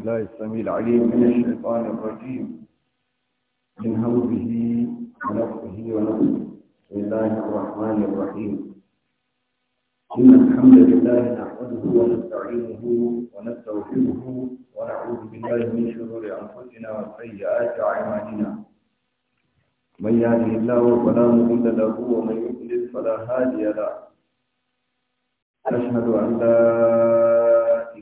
لا السميع العليم من الشيطان الرجيم من همزه ونفسه ونفسه لله الرحمن الرحيم إن الحمد لله نحمده ونستعينه ونستغفره ونعوذ بالله من شرور أنفسنا وسيئات أعمالنا من يهده الله فلا مضل له ومن يضلل فلا هادي له أشهد أن لا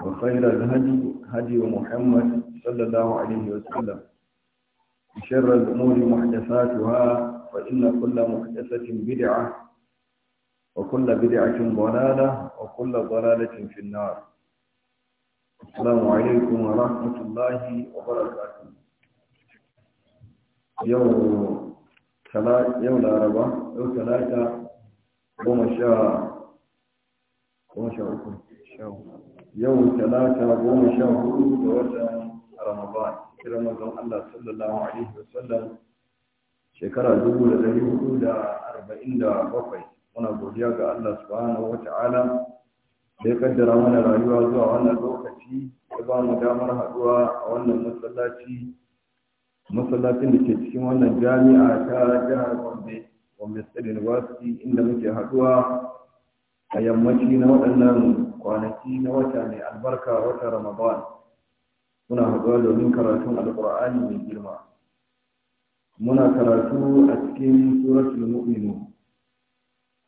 وخير الهدي هدي محمد صلى الله عليه وسلم وشر الأمور محدثاتها فإن كل محدثة بدعة وكل بدعة ضلالة وكل ضلالة في النار السلام عليكم ورحمة الله وبركاته يوم ثلاثة يوم الأربعاء يوم ثلاثة يوم الشهر goma sha uku yau talata goma sha hudu da watan ramadan kira mazan allah sallallahu alaihi wasallam shekara dubu da dari hudu da arba'in da bakwai muna godiya ga allah subhanahu wa ta'ala da ya kaddara mana rayuwa zuwa wannan lokaci ya ba mu damar haɗuwa a wannan masallaci masallacin da ke cikin wannan jami'a ta jihar gombe gombe state university inda muke haɗuwa a yammaci na waɗannan kwanaki na wata mai albarka wata ramadan muna haɗuwa domin karatun alƙur'ani mai girma muna karatu a cikin suratul mu'minu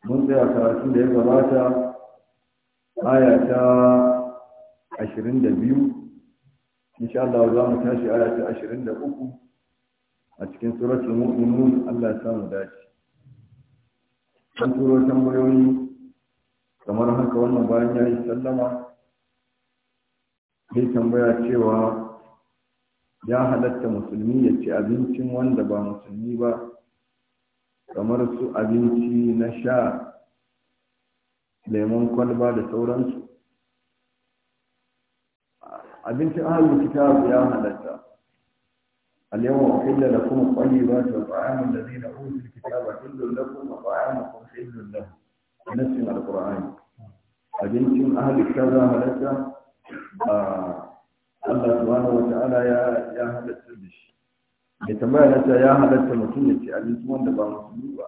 mun tsaya karatu da ya gabata aya ta ashirin da biyu insha Allah za mu tashi aya ta ashirin da uku a cikin suratul mu'minu Allah ya samu dace Kan turo tambayoyi kamar haka wannan bayan ya yi sallama ya tambaya cewa ya halatta musulmi ya ci abincin wanda ba musulmi ba kamar su abinci na sha lemon kwalba da sauransu abincin ahalin kitab ya halatta اليوم أحل لكم الطيبات وطعام الذين أوتوا الكتاب حل لكم وطعامكم حل لهم nasin alkur'ani abincin ahalin kaza halatta ba Allah subhanahu wa ta'ala ya ya halatta da shi mai tambaya na ta ya halatta mutum ya ce abinci wanda ba musulmi ba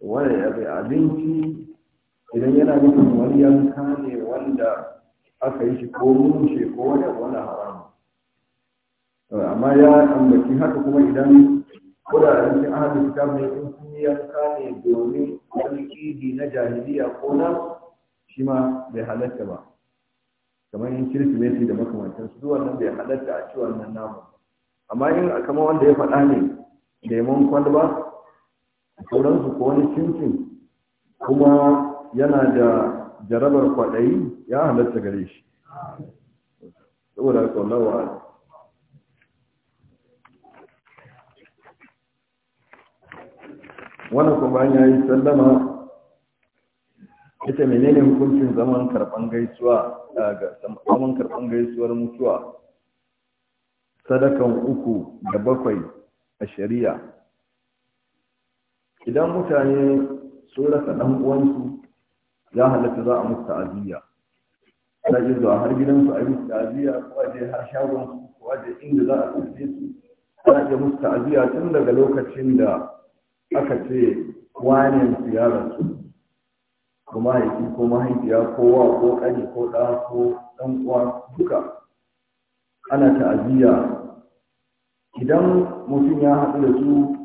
wanda ya bai abinci idan yana nufin wani yanka ne wanda aka yi shi ko mushe ko wani wani haramu amma ya ambaci haka kuma idan kudaden cin ahalin kitab ne in sun yanka ne domin tauhidi na jahiliya ko na shi ma bai halatta ba kamar yin kirsimeti da makamantan su wannan bai halatta a ci wannan namu amma a kama wanda ya faɗa ne lemon kwalba sauransu ko wani cincin kuma yana da jarabar kwaɗayi ya halatta gare shi saboda tsallawa wannan kuma ya yi sallama ita menene hukuncin zaman karban gaisuwa ga zaman karban gaisuwar mutuwa sadakan uku da bakwai a shari'a idan mutane sun rasa dan uwansu ya halatta za a musu ta'aziyya za a zuwa har gidansu a yi musu ta'aziyya ko a je har shagon su ko a je inda za a tafi su za a musu ta'aziyya tun daga lokacin da aka ce wane su ya rasu ko mahaifi ko mahaifiya ko wa ko ƙani ko ɗa ko ɗan uwa duka ana ta'aziyya idan mutum ya haɗu da su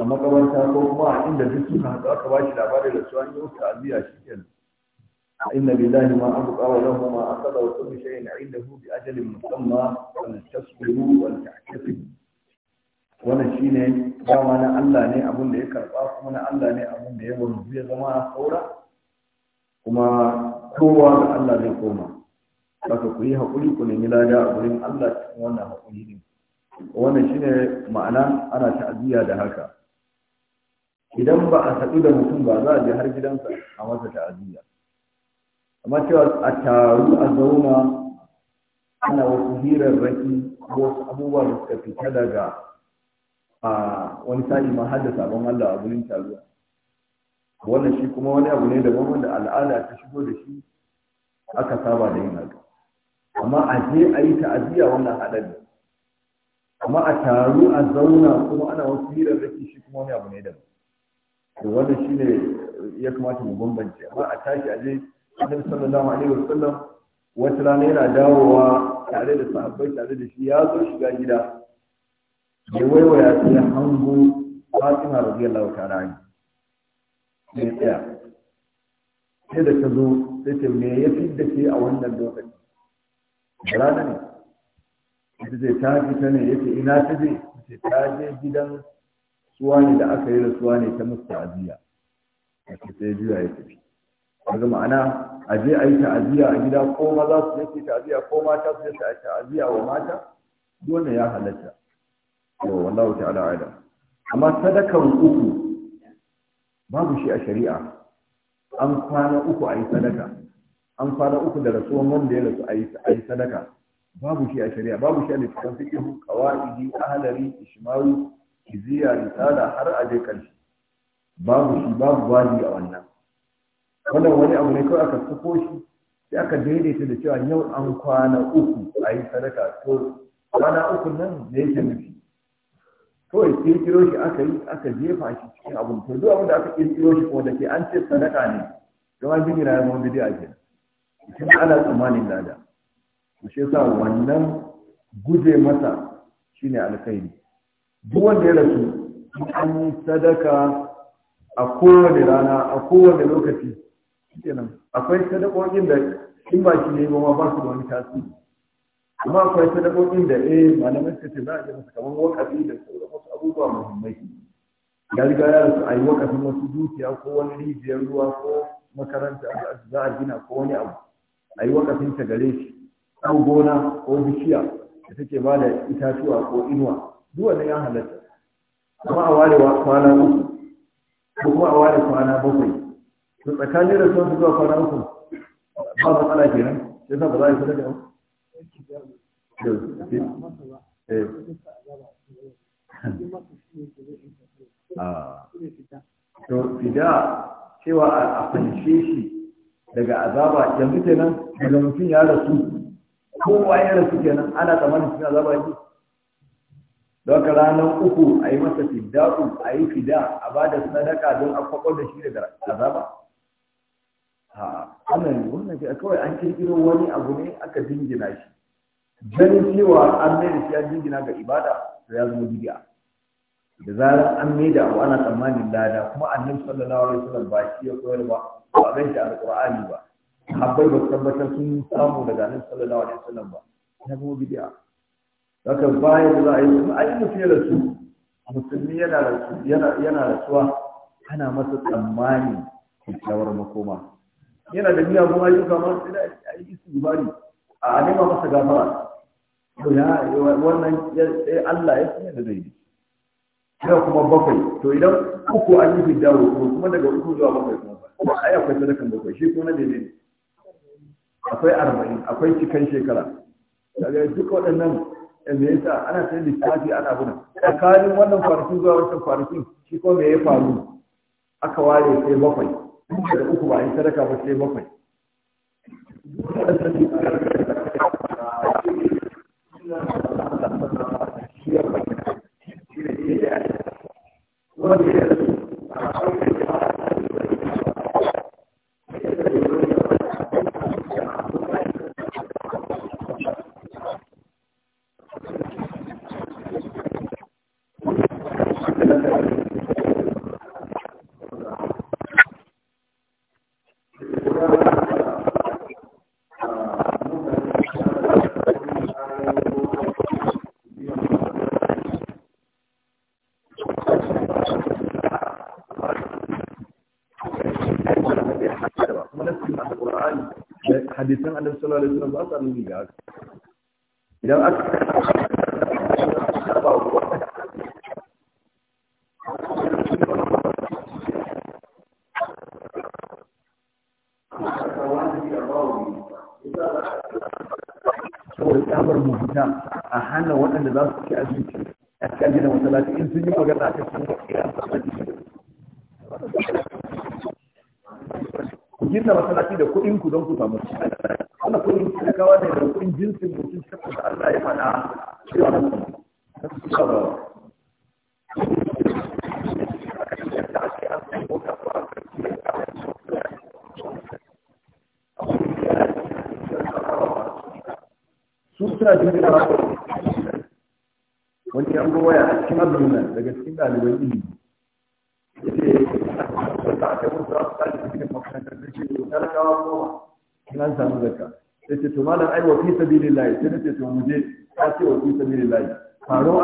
a makabarta ko kuma a inda duk suka haɗu aka ba shi labarin da su an yi ta'aziyya shi kenan إن لله ما أبقى وله ما أخذ وكل شيء عنده بأجل مسمى فلتصبروا ولتحتفظوا wannan ne dama na Allah ne abin da ya karɓa kuma na Allah ne abin da ya wanzu ya zama saura kuma kowa ga Allah zai koma saka ku yi haƙuri ku nemi lada a gurin Allah cikin wannan haƙuri din wannan ne ma'ana ana ta'aziyya da haka idan ba a haɗu da mutum ba za a je har gidansa a masa ta'aziyya amma cewa a taru a zauna ana wasu hirarraki ko abubuwa da suka fita daga a wani sa'i ma hada da sabon Allah a gurin taruwa wannan shi kuma wani abu ne daban wanda al'ada ta shigo da shi aka saba da yin haka amma a je a yi ta'aziyya wannan haɗari amma a taru a zauna kuma ana wasu hirar rake shi kuma wani abu ne da to wannan shi ne ya kamata mu bambance amma a tashi a je annabi sallallahu alaihi sallam. wata rana yana dawowa tare da sahabbai tare da shi ya zo shiga gida ya waiwaya sai hango fatima radiyallahu ta'ala anha sai tsaya sai da ta zo sai ta me ya fidda ke a wannan lokaci rana ne ita ce ta ta ne ya ce ina ta je ce ta je gidan suwa ne da aka yi da suwa ne ta musu ta'aziyya ake sai juya ya tafi daga ma'ana a je a yi ta'aziyya a gida ko maza su je ta'aziyya ko mata su je ta'aziyya wa mata dole ya halatta to wallahu ta'ala alam amma sadakan uku babu shi a shari'a an kwana uku a yi sadaka an kwana uku da rasuwan wanda ya rasu a yi sadaka babu shi a shari'a babu shi a littafin fiqh qawaidi ahlari ishmawi kiziya risala har a je karshe babu shi babu wajibi a wannan wannan wani abu ne kawai aka sako shi sai aka daidaita da cewa yau an kwana uku a yi sadaka to kwana uku nan da yake nufi kawai kirkiro shi aka yi aka jefa shi cikin abin to duk abin da aka kirkiro shi kuma da ke an ce sadaka ne gama bin mun bidi a ke cikin ana tsammanin lada to shi yasa wannan guje masa shine alkhairi duk wanda ya rasu an yi sadaka a kowane rana a kowane lokaci kenan akwai sadakokin da in ba shi ne ba ba su da wani tasiri amma akwai sadakokin da eh malamai suka ce za a yi masa kamar wakafi da sauran wasu abubuwa muhimmai ya riga ya rasu a yi wakafin wasu dukiya ko wani rijiyar ruwa ko makaranta za a gina ko wani abu a yi wakafin ta gare shi ko gona ko bishiya da take ba da itatuwa ko inuwa duk wannan ya halatta kuma a ware kwana uku ko kuma a ware kwana bakwai to tsakanin rasuwar zuwa kwana uku ba matsala kenan sai ba za a yi sadaka to fida cewa a fanshe shi daga azaba yanzu nan daga mutum ya rasu kowa ya rasu kenan ana tsammanin cikin azaba yake don ka ranar uku a yi masa fida a yi fida a ba da sadaka don a kwakwar da shi daga azaba ha wannan wannan ce kawai an kirkiro wani abu ne aka dingina shi ganin cewa an mai da shi an jingina ga ibada to ya zama bid'a da zarar an mai da abu ana tsammanin lada kuma annabi sallallahu alaihi wasallam ba shi ya koyar ba ba a ganshi a alqur'ani ba habbai ba tabbatar sun samu daga annabi sallallahu alaihi wasallam ba ya zama bid'a haka bayan da za a yi su, a yi mutum ya rasu musulmi yana rasuwa ana masa tsammani kyakkyawar makoma yana da miyagun ayyuka ma sai a yi istighfari a nema masa gafara to ya wannan sai Allah ya sanya da zai da kuma bakwai to idan uku an yi fidda ko kuma daga uku zuwa bakwai kuma kuma ai akwai sadakan bakwai shi kuma na daidai ne akwai arba'in akwai cikan shekara daga duk waɗannan eh, me yasa ana ta lissafi ana buna tsakanin wannan kwanakin zuwa wancan kwanakin shi kuma me ya faru aka ware sai bakwai duka da uku ba in sadaka ba sai bakwai wanda ya masa nuni da haka idan aka a hana waɗanda za su ci abinci a cikin gidan masallaci in sun yi magana a cikin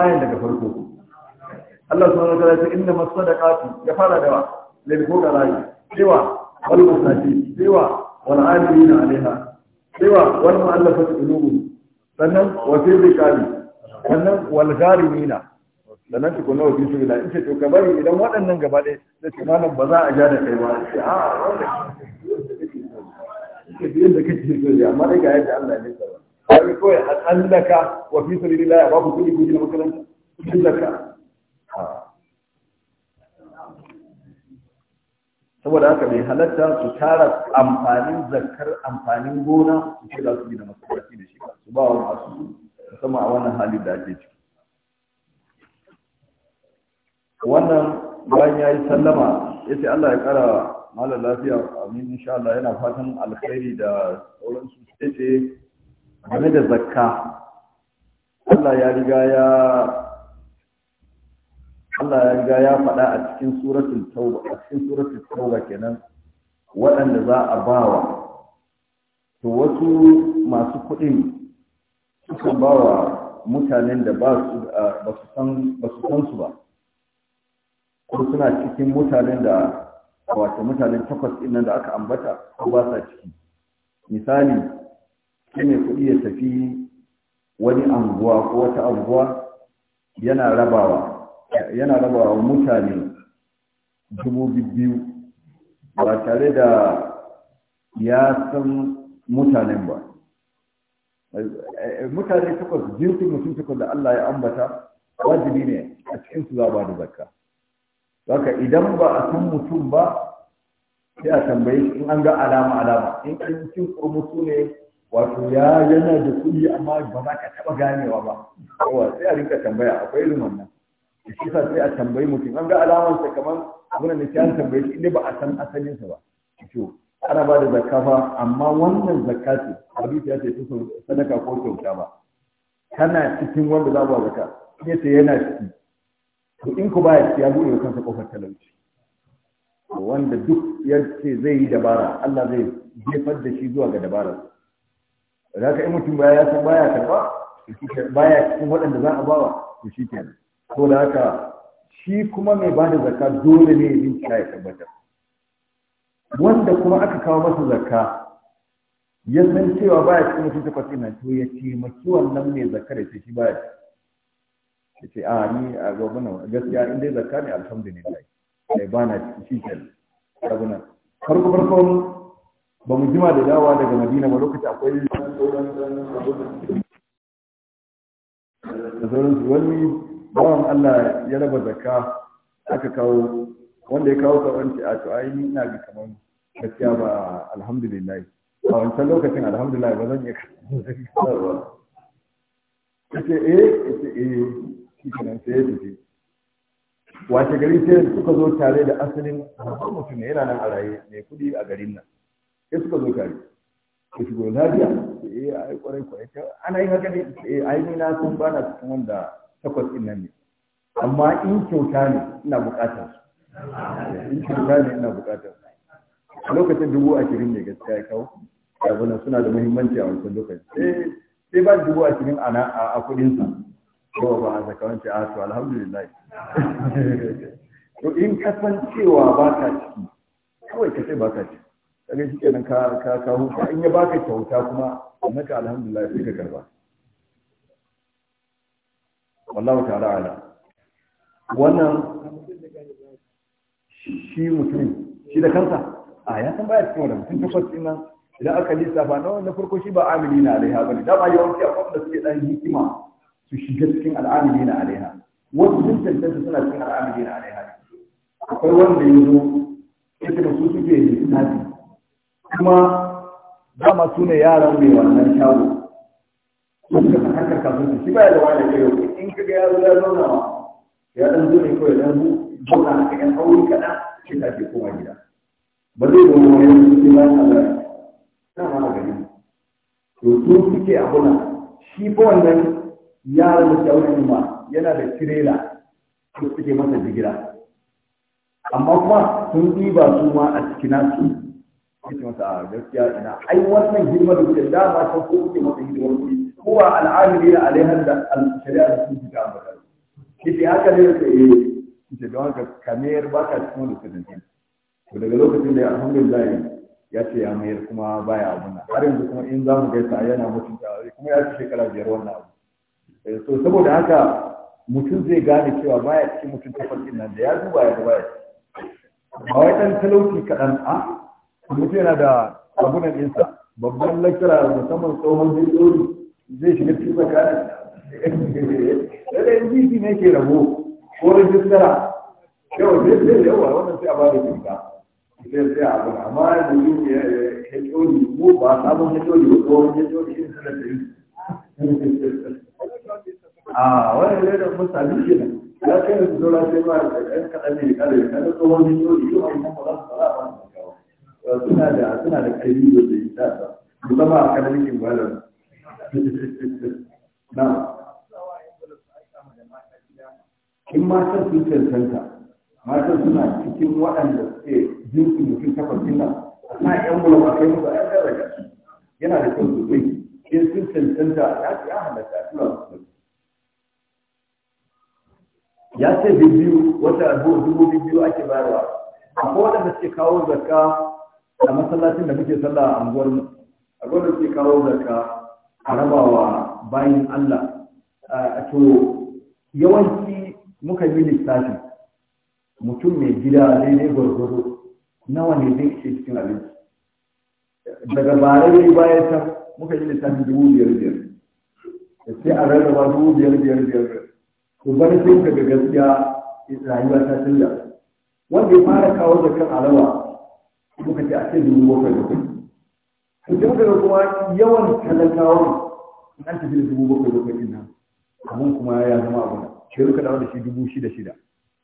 ayan daga farko Allah subhanahu wa ta'ala ya ce inna masadaqati ya fara da wa lil fuqara cewa wal masakin cewa wal amilina alaiha cewa wal mu'allafati qulubuhum sannan wa fi riqabi sannan wal gharimina sannan su kuma nawa su da, in ce to ka idan waɗannan gaba ɗaya da ce malam ba za a ja da kai ba ce a wanda ke da kake yi amma dai ga yadda Allah ya nisa ba kawai a tsallaka wa fi ah. saboda haka bai halatta su tara amfanin zakar amfanin gona su ce za su gina masallaci da shi ba su ba wa masu musamman a wannan halin da ake ciki wannan bayan ya yi sallama ya ce Allah ya kara malar lafiya amin insha Allah yana fatan alkhairi da sauransu ya ce game da zakka Allah ya riga ya Allah ya riga ya faɗa a cikin suratul tauba a cikin suratul tauba kenan waɗanda za a bawa to wasu masu kuɗin suka bawa mutanen da ba su ba su san ba ko suna cikin mutanen da wato mutanen takwas ɗin nan da aka ambata ko ba sa ciki misali Kene kuɗi ya tafi wani anguwa ko wata anguwa yana rabawa yana rabawa mutane dubu biyu ba tare da ya san mutanen ba mutane takwas jinsin mutum takwas da Allah ya ambata wajibi ne a cikin su za ba da zakka haka idan ba a san mutum ba sai a tambaye shi in an ga alama alama in an cin kurmutu ne wato ya yana da kuɗi amma ba za ka taɓa ganewa ba kawai sai a rinka tambaya akwai irin wannan da shi sa sai a tambayi mutum an ga sa kamar abin da ke an tambaye shi inda ba a san sa ba to ana ba da zakka fa amma wannan zakka ce hadisi ya ce ta sadaka ko kyauta ba kana cikin wanda za ba zakka ya ce yana ciki to in ku baya ya buɗe kansa kofar talauci wanda duk ya ce zai yi dabara Allah zai jefar da shi zuwa ga dabarar da ka yi mutum baya ya san baya karba baya cikin waɗanda za a bawa to shi kenan Ko da haka shi kuma mai bada zakka dole ne ya bincika ya tabbatar wanda kuma aka kawo masa zakka ya san cewa baya cikin mutum takwas na, to ya ce maki wannan mai zakka da shi baya ya ce a ni a gobe na gaskiya in dai zakka ne alhamdulillah sai bana na cikin shi kenan farko farkon ba mu jima da dawa daga madina ba lokaci akwai da su wani bawan allah ya raba Zaka? aka kawo wanda ya kawo kawanci a to na ga kamar gaskiya ba alhamdulillahi a wancan lokacin alhamdulillah ba zan iya kasarwa Ya ce eh ce eh shi kanan sai ya tafi wace gari sai suka zo tare da asalin mutum ne yana nan a raye mai kudi a garin nan sai suka zo tare ya shigo lafiya eh ai kwarai kwarai ana yin haka ne eh ai ni na san ba na cikin wanda takwas din nan ne amma in kyauta ne ina bukatar su in kyauta ne ina bukatar su lokacin dubu ashirin ne gaskiya ya kawo abunan suna da muhimmanci a wancan lokaci eh, sai ba dubu ashirin ana a kudin sa ko ba a zakawanci a to alhamdulillah to in kasancewa ba ka ciki kawai ka ce ba ka ciki kaga shi kenan ka ka ka huta in ya baka kyauta kuma naka alhamdulillah sai ka karba wallahu ta'ala ala wannan shi mutum shi da kansa a ya san baya cikin wannan mutum ta din nan idan aka lissafa na na farko shi ba amili na alaiha bane dama yawanci akwai wanda suke dan hikima su shiga cikin al'amili na alaiha wasu sun tantance suna cikin al'amili na alaiha akwai wanda ya zo ita da su suke lissafi kuma dama su ne yaran mai wannan shago suka haka kasu su shi baya da wani yau in ka ga yaro ya zauna ma, ya dan zo ne ko ya dan zauna a kan aure kaɗa shi ta ke koma gida ba zai zo wani yanzu sai ba ta da ta ma ga ni to su suke abuna shi ba wannan yaro da shawarar ma yana da tirela su suke masa jigira amma kuma sun ɗiba su ma a cikin nasu yake masa a gaskiya ina ai wannan hidimar da kuke da ba san ko kuke masa hidimar kuɗi ko ba al'amiri na alaiha da al-shari'a da sun fita ba ta kike haka ne yake eh kike da wanka kamar ba ka cikin wani kudin to daga lokacin da alhamdulillah ya ce ya mayar kuma baya abun nan har yanzu kuma in za mu gaisa yana ta, kuma ya ci shekara biyar wannan abu eh, to saboda haka mutum zai gane cewa baya cikin mutum tafarkin nan da ya duba ya ga baya ba wai dan talauci kaɗan a mutum yana da abunan ɗinsa babban lakira musamman tsohon jirgin zai shiga cikin tsakanin da yan ne ke rabo ko rajistara yau zai zai yawa wannan sai a ba da kyauta zai sai a abu amma da yi ya hekoli ba sabon hekoli ko tsohon hekoli shi sanar da yi a wani ne da mutane ke nan ya kai da zuwa sai ba da ɗan kaɗan ne na tsohon yau a yi kuma za su fara ba suna da suna da ƙarfi da zai ta ba musamman a kan rikin malam na in matan sun cancanta matan suna cikin waɗanda suke su mutum takwas ɗin a sa ƴan a kai musu ƴan ɗan daga yana da kyau sosai in sun cancanta ya ce ya halatta suna sosai ya ce biyu wata dubu biyu ake bayarwa akwai waɗanda suke kawo zakka a masallacin da muke sallah a unguwar mu a ke kawo daga a rabawa bayan Allah to yawanci muka yi lissafi mutum mai gida daidai gwargwaro nawa ne zai ishe cikin abinci daga barai bayan ta muka yi lissafi dubu biyar biyar sai a rarraba dubu biyar biyar biyar ku bar sai daga gaskiya rayuwa ta canza wanda ya fara kawo zakar alawa muka ce a ce dubu bakwai bakwai to sai muka kuma yawan talakawan an tafi da dubu bakwai da din nan abun kuma ya zama abu sai muka dawo da shi dubu shida shida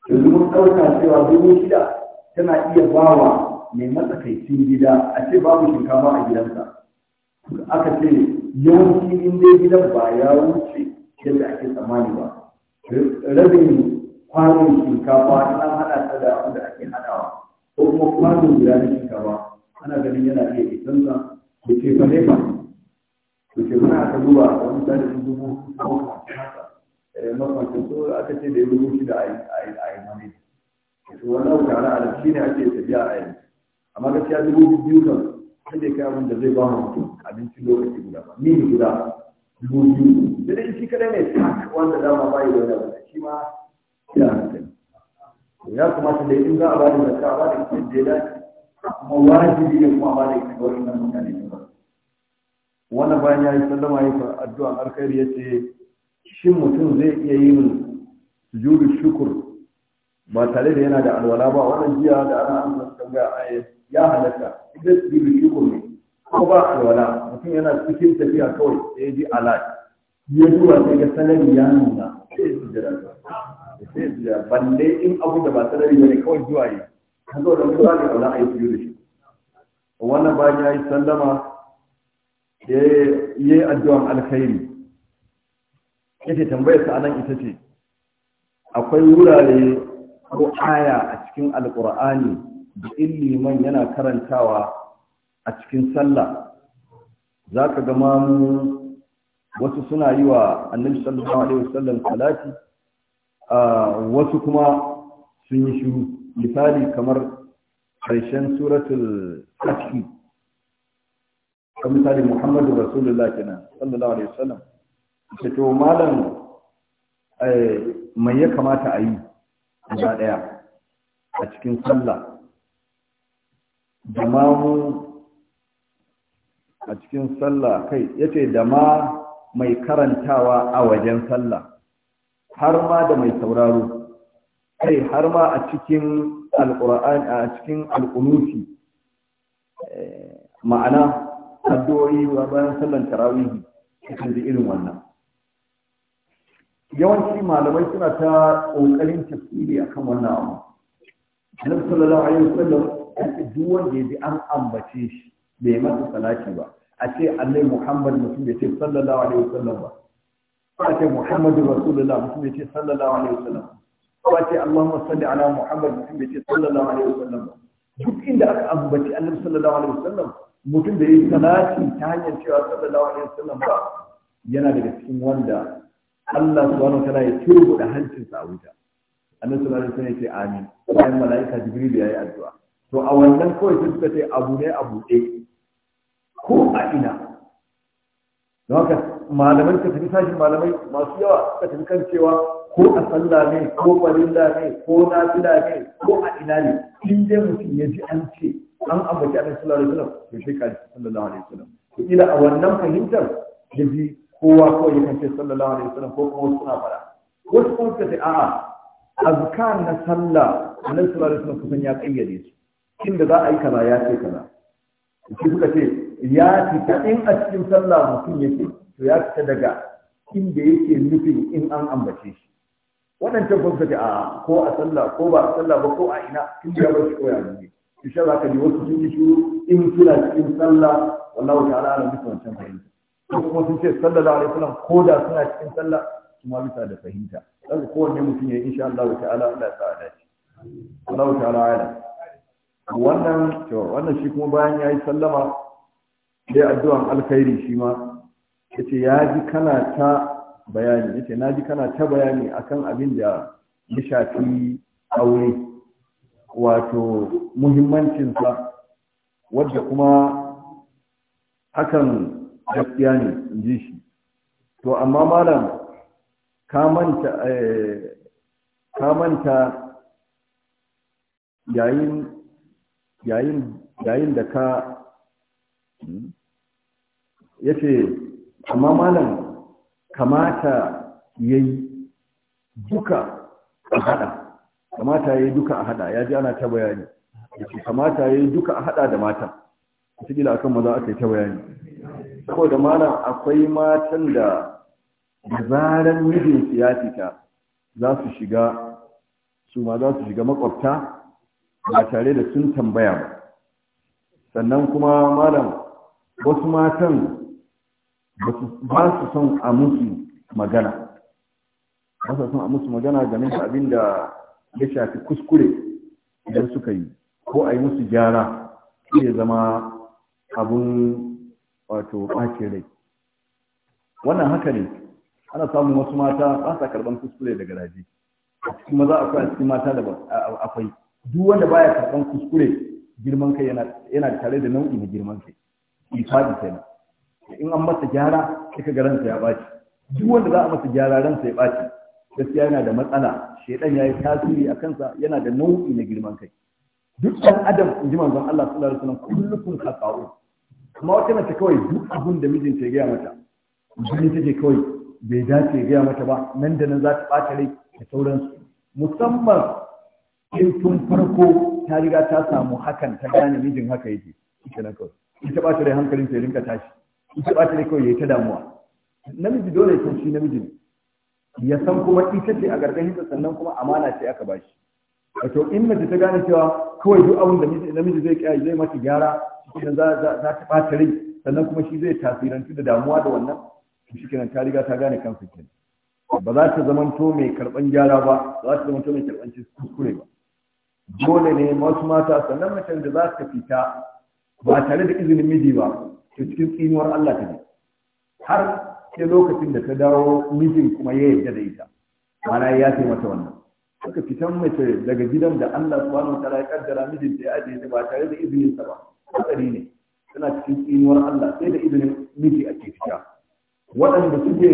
yanzu mun ɗauka cewa dubu shida tana iya bawa mai matsakaicin gida a ce babu shinkafa a gidansa aka ce yawanci in dai gidan ba ya wuce yadda ake tsammani ba rabin kwanon shinkafa an haɗa ta da abin da ake haɗawa ko kuma kwano guda na shinkafa ana ganin yana iya isansa da ke fa ne ba to ce muna aka duba a misali sun dubu ko haka eh, makwancin so aka ce da ya dubu shida a yi mani to wani abu tare a shi ne ake tafiya a yanzu amma gaskiya dubu biyu kan sai dai kai wanda zai ba mu mutum abincin lokaci guda ba ni guda dubu biyu da dai shi kadai ne wanda dama ba yi da wani abu shi ma ya hankali ya kamata da in za a bada zakka a bada kitin da ya kuma wajibi ne kuma ba da kitin wa nan mutane ne ba wannan bayan ya yi sallama ya addu'a alkhairi ya ce shin mutum zai iya yin sujudu shukur ba tare da yana da alwala ba wannan jiya da ana amsa tambaya ya halatta idan sujudu shukur ne ko ba alwala mutum yana cikin tafiya kawai sai ya ji ala ya duba sai ga sanadi ya nuna sai ya sujada sai su da balle in abu da ba sarari bane kawai zuwa yi ka zo da mutuwa ne a yi fiye da wannan bayan ya yi sallama ya yi addu'an alkhairi yake tambayar sa anan ita ce akwai wurare ko aya a cikin alkur'ani da illiman yana karantawa a cikin sallah za ka ga mamu wasu suna yi wa annabi sallallahu alaihi wasallam salati Ah, wasu kuma sun yi shiru misali kamar harshen suratul kashi kan misali muhammadu rasulullah kina sallallahu alaihi wasallam ce to malam eh, mai ya kamata a yi guda ɗaya a cikin sallah da mu a cikin sallah kai yace da ma mai karantawa a wajen sallah har ma da mai sauraro kai har ma a cikin alƙur'an a cikin alƙunuti eh, ma'ana addu'o'i wa bayan sallan tarawihi cikin da irin wannan yawanci malamai suna ta ƙoƙarin tafsiri akan wannan abu annabi sallallahu alaihi wasallam yake duk da yaji an ambace shi bai masa salati ba a ce annabi Muhammad mutum bai ce sallallahu alaihi wasallam ba ba ce muhammadu rasulullah mutum ya ce sallallahu alaihi wasallam ba ce allahumma salli ala muhammad mutum ya ce sallallahu alaihi wasallam duk inda aka ambaci annabi sallallahu alaihi wasallam mutum da yi salati ta hanyar cewa sallallahu alaihi wasallam ba yana daga cikin wanda Allah subhanahu wataala ya da hancinsa a wuta annabi sallallahu alaihi wasallam ya ce amin bayan mala'ika jibril ya yi addu'a to a wannan kawai sai suka ce abu ne abu ɗaya ko a ina don haka malaman ka tafi sashin malamai masu yawa ka tafi kan cewa ko a sallah ne ko farilla ne ko nafila ne ko a ina ne in dai mutum ya ji an ce an ambaci annabi sallallahu alaihi wasallam to shi kaji sallallahu alaihi wasallam to ila a wannan fahimtar ya ji kowa kawai ya ce sallallahu alaihi wasallam ko kuma wasu suna fara wasu kuma suka ce a'a azkar na sallah annabi sallallahu alaihi wasallam kusan ya kayyade su inda za a yi kaza ya ce kaza shi suka ce ya fita in a cikin sallah mutum yake to ya fita daga inda yake nufin in an ambace shi waɗancan kuma su a ko a sallah ko ba a sallah ba ko a ina tun da ba shi ko ya nuni in sha zaka ji wasu sun yi shiru in suna cikin sallah wallahu ta'ala ala bisa wancan fahimta ko kuma sun ce sallallahu alaihi wasallam ko da suna cikin sallah kuma bisa da fahimta kaga kowanne mutum ya yi insha Allah ta'ala Allah ya sa dace wallahu ta'ala ala wannan to wannan shi kuma bayan yayi sallama dai addu'an alkhairi shi ma yace ya ji kana ta bayani yace na ji kana ta bayani akan abin da ya shafi aure wato muhimmancinsa wadda kuma hakan gaskiya ne in ji shi to amma malam ka manta eh, yayin da ka hmm? ya amma malam kamata ya yi duka a hada kamata ya yi duka a hada ya ji ana ta bayani kamata ya yi duka a hada da mata A sigila akan maza aka yi ta bayani saboda malam akwai matan da da zaren mijin ya fita za su shiga su ma za su shiga makwabta ba tare da sun tambaya ba sannan kuma malam wasu matan ba su son a musu magana ba su son a musu magana game da abin da ya shafi kuskure idan suka yi ko a yi musu gyara ya zama abun wato ɓace rai wannan haka ne ana samun wasu mata ba sa karɓar kuskure daga raji a cikin maza akwai a cikin mata da akwai duk wanda baya karɓar kuskure girman kai yana tare da nau'i na girman kai ifadi kenan in an masa gyara kika ga ransa ya baci duk wanda za a masa gyara ransa ya baci gaskiya yana da matsala Shaidan ya yi tasiri a kansa yana da nau'i na girman kai duk ɗan adam in ji manzon Allah sallallahu alaihi wasallam kullukum khata'u kuma wata mace kawai duk abun da mijinta ya gaya mata mijin take kawai bai dace ya gaya mata ba nan da nan za ta ɓata rai da sauransu musamman in tun farko ta riga ta samu hakan ta gane mijin haka yake ita na kawai ita ɓata rai hankalin ta rinka tashi ba ta ɓata kawai ya yi ta damuwa namiji dole ya san shi namiji ne ya san kuma ita ce a gargashinsa sannan kuma amana ce aka bashi wato in mace ta gane cewa kawai duk abin da namiji zai kiyaye zai mata gyara cikin za za ta ɓata rai sannan kuma shi zai tasirantu da damuwa da wannan to shi kenan ta riga ta gane kansa kenan ba za ta to mai karɓan gyara ba ba za ta to mai karɓan kuskure ba dole ne wasu mata sannan macen da za ta fita ba tare da izinin miji ba cikin tsinuwar Allah ta har sai lokacin da ta dawo mijin kuma ya yarda da ita mana ya ce mata wannan suka fitan mace daga gidan da Allah subhanahu wa ta'ala ya kaddara mijin ta ya ajiye ta ba tare da izinin sa ba hatsari ne tana cikin tsinuwar Allah sai da izinin miji ake fita waɗanda suke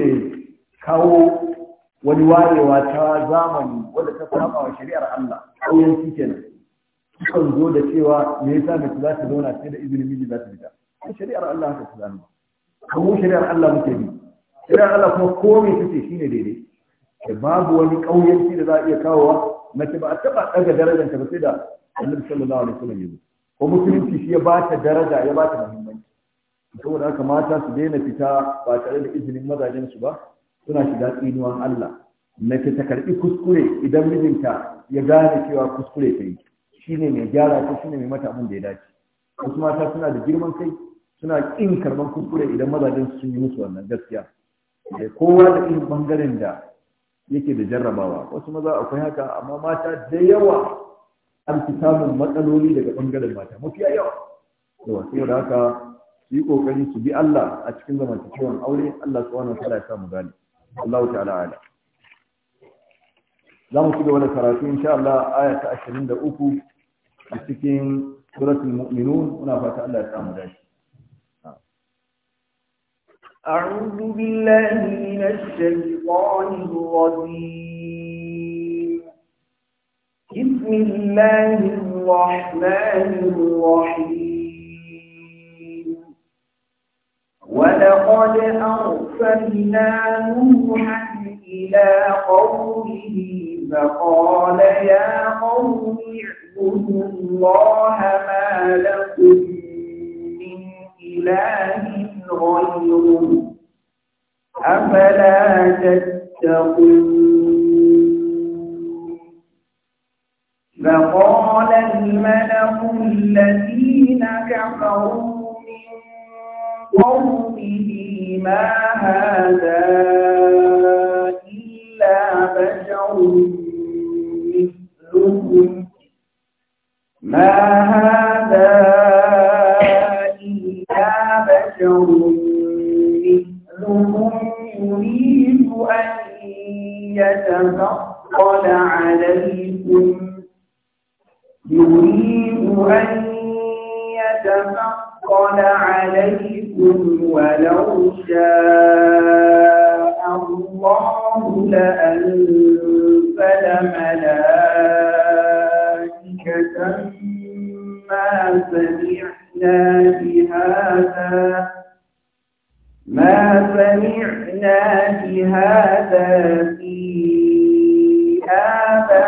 kawo wani warewa ta zamani wadda ta saba wa shari'ar Allah kauyanci kenan sukan zo da cewa me yasa mace za ta zauna sai da izinin miji za ta fita a shari'ar Allah haka ta Ka kawo shari'ar Allah muke bi shari'ar Allah kuma komai take shine daidai babu wani kauyanci da za a iya kawowa mace ba a taba daga darajar ta ba sai da Annabi sallallahu alaihi wasallam yi ko musulunci shi ya ba ta daraja ya ba ta muhimmanci saboda haka mata su daina fita ba tare da izinin mazajen su ba suna shiga tsinuwan Allah mace ta karbi kuskure idan mijinta ya gane cewa kuskure ta yi shine mai gyara ta shine mai mata abin da ya dace wasu mata suna da girman kai suna ƙin karɓar kuskure idan mazajen sun yi musu wannan gaskiya da eh, kowa da irin bangaren da yake da jarrabawa wasu maza akwai haka amma mata da yawa an fi samun matsaloli daga bangaren mata mafiya yawa yawa saboda haka su yi kokari su bi Allah a cikin zamantakewar aure Allah wani wataala ya samu gane Allah ta'ala ala za mu ci gaba da karatu insha Allah aya ta 23 a cikin suratul mu'minun muna fata Allah ya samu gani أعوذ بالله من الشيطان الرجيم بسم الله الرحمن الرحيم ولقد أرسلنا نوحا إلى قومه فقال يا قوم اعبدوا الله ما لكم من إله الغيوم أفلا تتقون فقال الملأ الذين كفروا من قومه ما هذا إلا بشر مثلكم ما هذا إلا بشر يتفضل عليكم يريد أن يتفضل عليكم ولو شاء الله لأنفل ملائكة ما سمعنا بهذا ما سمعنا بهذا في آبائنا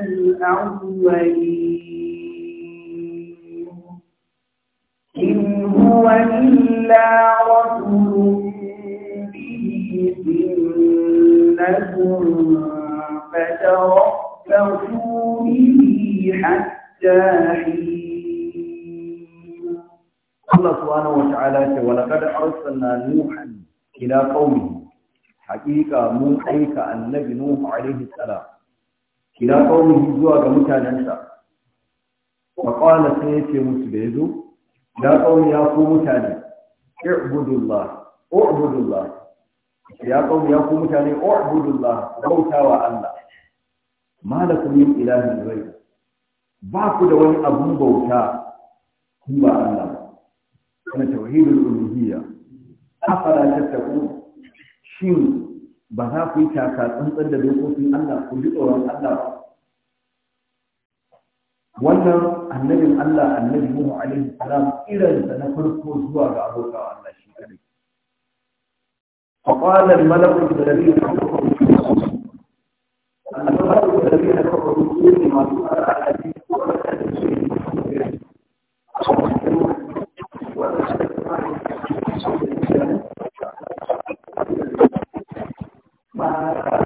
الأولين إن هو إلا رسول به سنة فتربصوا به حتى حين Allah subhanahu wa ta'ala ce wa laqad arsalna nuhan ila qaumi haqiqa mun aika annabi nuh alayhi salam ila qaumi zuwa ga mutanensa wa qala sai yace musu da yazo ya qaumi ya ku mutane i'budullah u'budullah ya qaumi ya ku mutane u'budullah bautawa Allah malakum min ilahin ghayr ba ku da wani abun bauta kun ba Allah na tauhidul uluhiyya afala tattaqun shin ba za ku yi taka tsantsan da dokokin Allah ku ji tsoron Allah ba wannan annabin Allah annabi Nuhu alaihi salam irin da na farko zuwa ga abokan Allah shi kadai فقال الملك الذين كفروا الملك الذين كفروا ما سأل عليه ولا تدري ba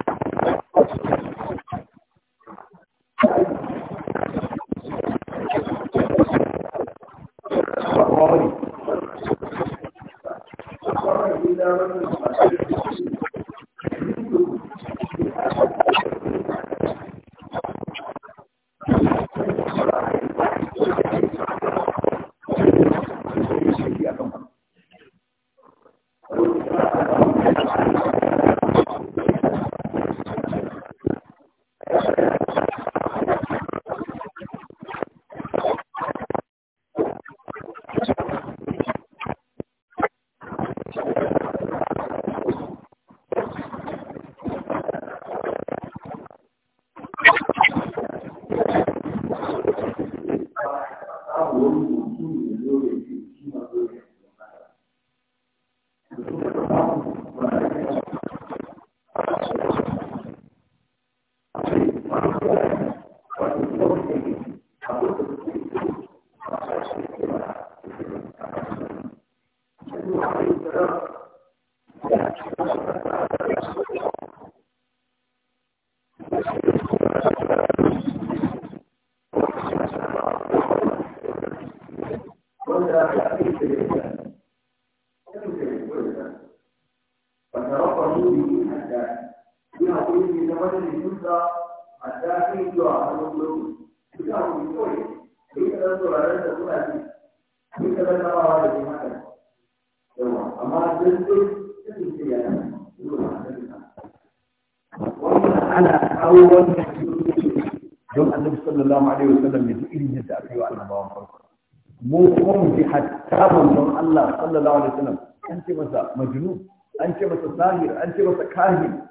wallahi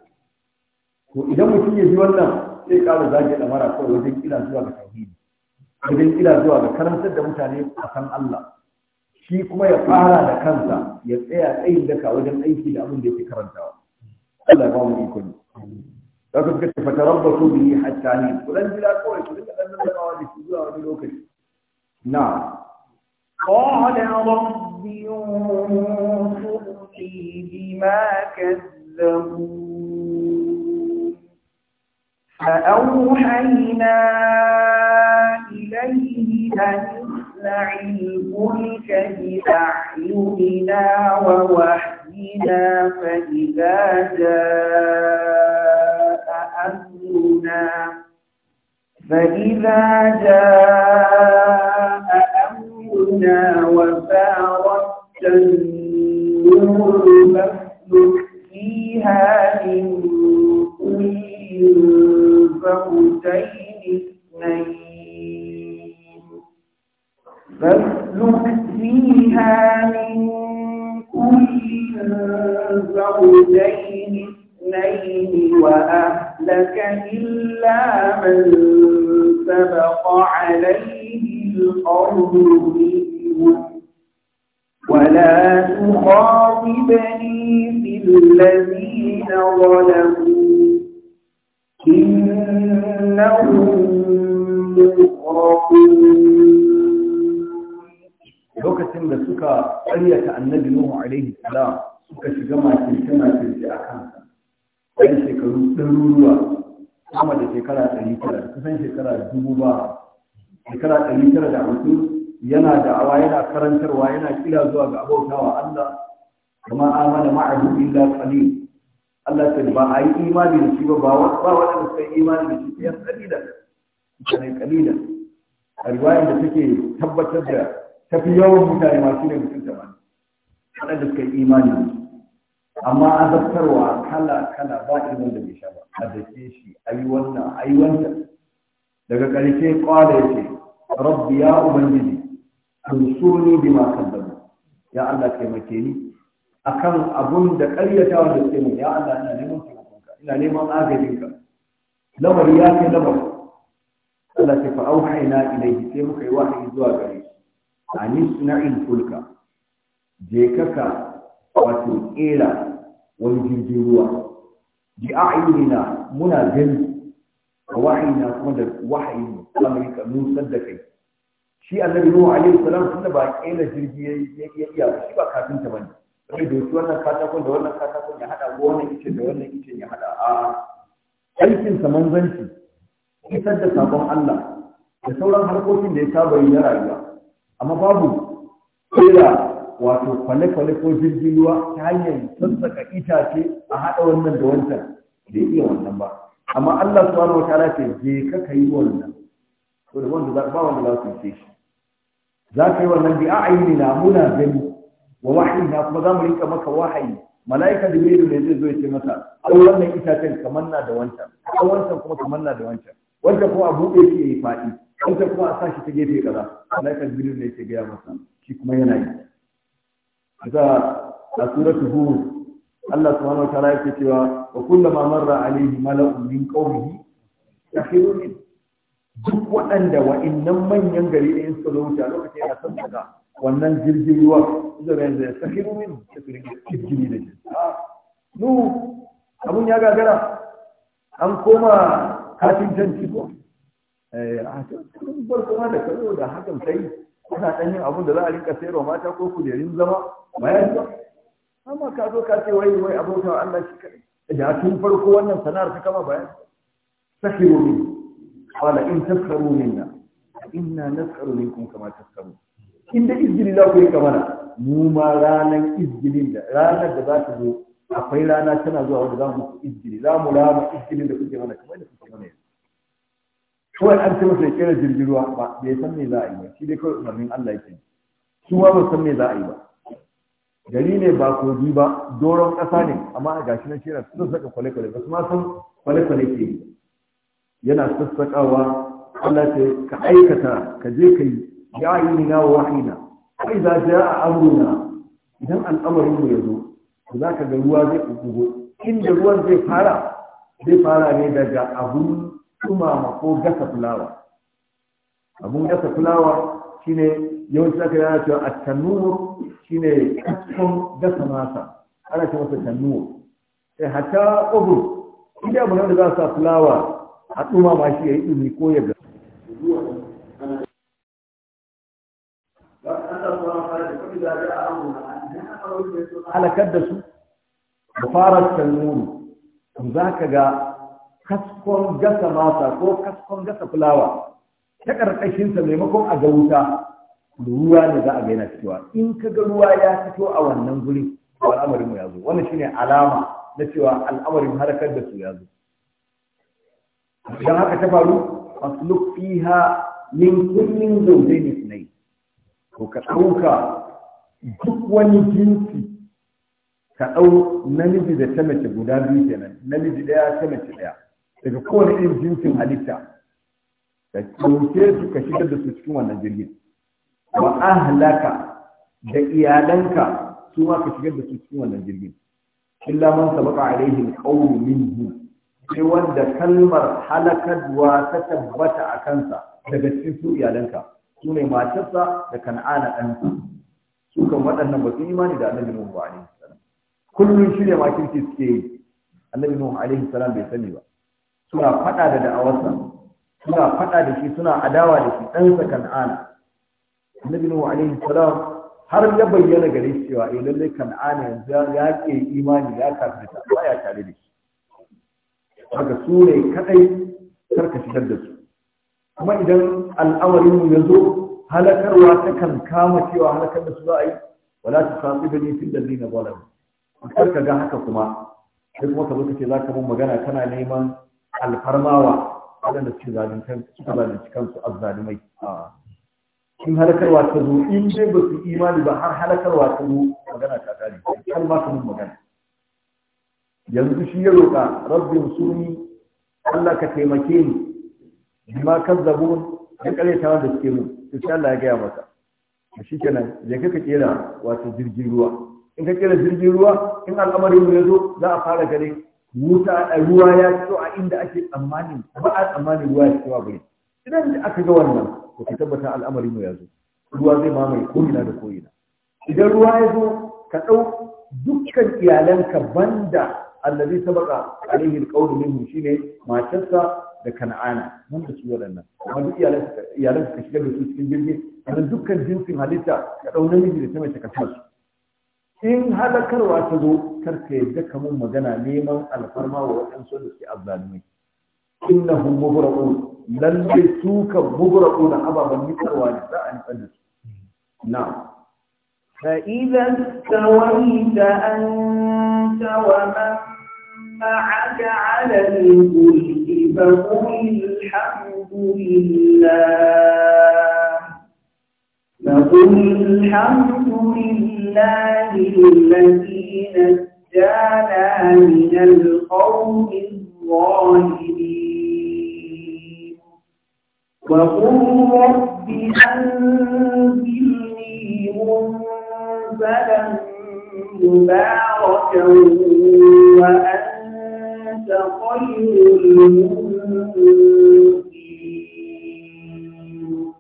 to idan mutum ya ji wannan sai ƙara zage da mara kawai wajen kira zuwa ga tauhidi wajen kira zuwa ga karantar da mutane a san Allah shi kuma ya fara da kansa ya tsaya tsayin daka wajen aiki da abin da yake karantawa Allah ya ba mu ikon za ku kace fa tarabbatu bihi hatta ku kullun bila kawai ku dinga dan nabawa da shi zuwa wani lokaci na qala rabbi yunsurni bima kadh فأوحينا إليه أن اصنع الملك بأعيننا ووحينا فإذا جاء أمرنا فإذا جاء wa'anda take tabbatar da tafi yawan mutane masu ne mutum tamanin waɗanda suka yi imani amma azabtarwa kala kala ba irin da bai sha ba a dake shi a yi wannan a yi wancan daga ƙarshe ƙwada ya ce rabbi ya ubangiji ansurni bima kaddamu ya Allah taimake ni akan abun da ƙaryatawa da suke ya Allah ina neman taimakonka ina neman agajinka lamari ya kai lamari Allah ta fa auhayna ilayhi sai muka yi wahayi zuwa gare shi ani suna'il fulka je kaka wato kera wani jirgin ruwa bi a'yunina muna gani wahayina kuma da wahayi Allah ka nusar da kai shi annabi Nuhu alaihi salam da ba kera jirgi ya iya shi ba kafinta bane sai da wasu wannan katakon da wannan katakon ya hada ko wannan ice da wannan ice ya hada a aikinsa manzanci isar da sabon Allah da sauran harkokin da ya saba yi na rayuwa amma babu kera wato kwale-kwale ko jirgin ruwa ta hanyar sassaka itace a haɗa wannan da wancan da iya wannan ba amma Allah su wani wata rafi je ka yi wannan ko da wanda za ba wanda za su yi shi za ka yi wannan bi na muna gani wa wahayi na kuma za mu rinka maka wahayi mala'ika da ne zai zo ya ce masa a wannan itacen kamar na da wancan a wancan kuma kamar na da wancan wanda kuma a buɗe shi yi faɗi wanda kuma a sashi ta gefe kaza malaika jibril ne yake gaya masa shi kuma yana yi za a suratu hud Allah subhanahu wa Wata yake cewa wa kullama marra alayhi mala'un min qawmihi yakhirun duk waɗanda wa'annan manyan gari ɗayan suka zo wuce a lokacin yana son daga wannan jirgin ruwa zai yanzu ya sahi rumin da su rike jirgini da shi. Ah, nu, abun ya gagara, an koma kafintanci ko eh, a cikin barkuma da karo da hakan kai kuna ɗan yin abin da za a rinka sayarwa mata ko kujerun zama bayan ba amma ka zo ka ce wai wai abota Allah shi kai da tun farko wannan sana'ar ta kama bayan sahiru min qala in tasharu minna inna nasharu minkum kama tasharu in da izgili ku yi kamana mu ma ranar izgilin da ranar da za ta zo akwai rana tana zuwa wanda za mu izgili za mu lama izgilin da kuke mana kamar da kuke mana yanzu kawai an ce masa ya kera jirgin ruwa ba bai san me za a yi ba shi dai kawai umarnin Allah yake su ma ba san me za a yi ba gari ne ba kogi ba doron ƙasa ne amma a gashi na yana sun saka kwale-kwale ba su ma san kwale-kwale ke yi yana sassaƙawa Allah ce ka aikata ka je ka yi ya yi na wa wahina kai za ta a amuna idan al'amarin mu ya zo za ka ga ruwa zai ɗuɗɗugo inda ruwan zai fara zai fara ne daga abun tumama ko gasa fulawa abun gasa fulawa shine yawanci aka yana cewa a tanur shine kaskon gasa masa ana ce masa tanur sai eh, hatta ogun da abunan da za sa fulawa a tumama shi ya yi ɗumi ko ya gasa an da fara da kuɗi da halakar da su bufarar tannuru za ka ga kaskon gasa masa ko kaskon gasa fulawa ta sa maimakon a ga wuta ruwa ne za a gaina cewa. in ka ga ruwa ya fito a wannan guri al'amarin mu ya zo wannan shine alama na cewa al'amarin harkar da su ya zo idan haka ta faru fasluk fiha min kullin zawjayn sunai, to ka ɗauka. duk wani jinsi ka ɗau namiji da ta mace guda biyu kenan namiji ɗaya ta mace ɗaya daga kowane irin jinsin halitta da ɗauke su ka shigar da su cikin wannan jirgin wa ahlaka da iyalanka su ma ka shigar da su cikin wannan jirgin illa man sabaka alaihi qawlu minhu sai wanda kalmar halakadwa ta tabbata a kansa daga cikin su iyalanka su ne matarsa da kan'ana ɗansa su kan waɗannan ba su imani da annabi nuhu ba alaihi salam kullum shirya kirki suke yi annabi nuhu alaihi salam bai sani ba suna faɗa da da'awarsa suna faɗa da shi suna adawa da shi sa kan'ana annabi nuhu alaihi salam har ya bayyana gare shi cewa eh lallai kan'ana yanzu ya ke imani ya kafirta ba ya tare da shi haka su ne kaɗai karka shigar da su kuma idan al'amarin ya zo halakarwa takan kama cewa halakar da su za a yi wala ta sami bane fil ladina zalamu kar ka ga haka kuma sai kuma ka zo ka ce za ka magana kana neman alfarmawa waɗanda suke zalunci suka zalunci kansu azzalimai in halakarwa ta zo in dai ba su imani ba har halakarwa ta zo magana ta tare har ma ka magana yanzu shi ya roƙa rabbin suni Allah ka taimake ni bima kazzabun kare ta da suke mu to Allah ya gaya maka to shikenan je ka kera wato jirgin ruwa in ka kera jirgin ruwa in al'amarin mu ya zo za a fara gare. wuta ruwa ya fito a inda ake tsammani ba a tsammanin ruwa ya fito a idan da aka ga wannan to ka tabbata al'amarin ya zo ruwa zai mamaye ko'ina da ko'ina idan ruwa ya zo ka ɗau dukkan iyalanka banda allazi sabaka alaihi alqawlu minhu shine matarsa da kan'ana mun da su waɗannan amma duk iyalan suka shigar da su cikin jirgin sannan dukkan jinsin halitta ka ɗau namiji da ta mace ka sa su in halakarwa ta zo kar ka yadda ka mun magana neman alfarma wa waɗansu da suke azzalumai innahum mubra'un lallai su kan mubra'una ababen nikarwa ne za a nitsar da su na'am فإذا استويت أنت ومن معك على الفلك فقل الحمد لله فقل الحمد لله الذي نجانا من القوم الظالمين وقل رب أنزلني منزلا مباركا وأنزلا أنت خير المنزلين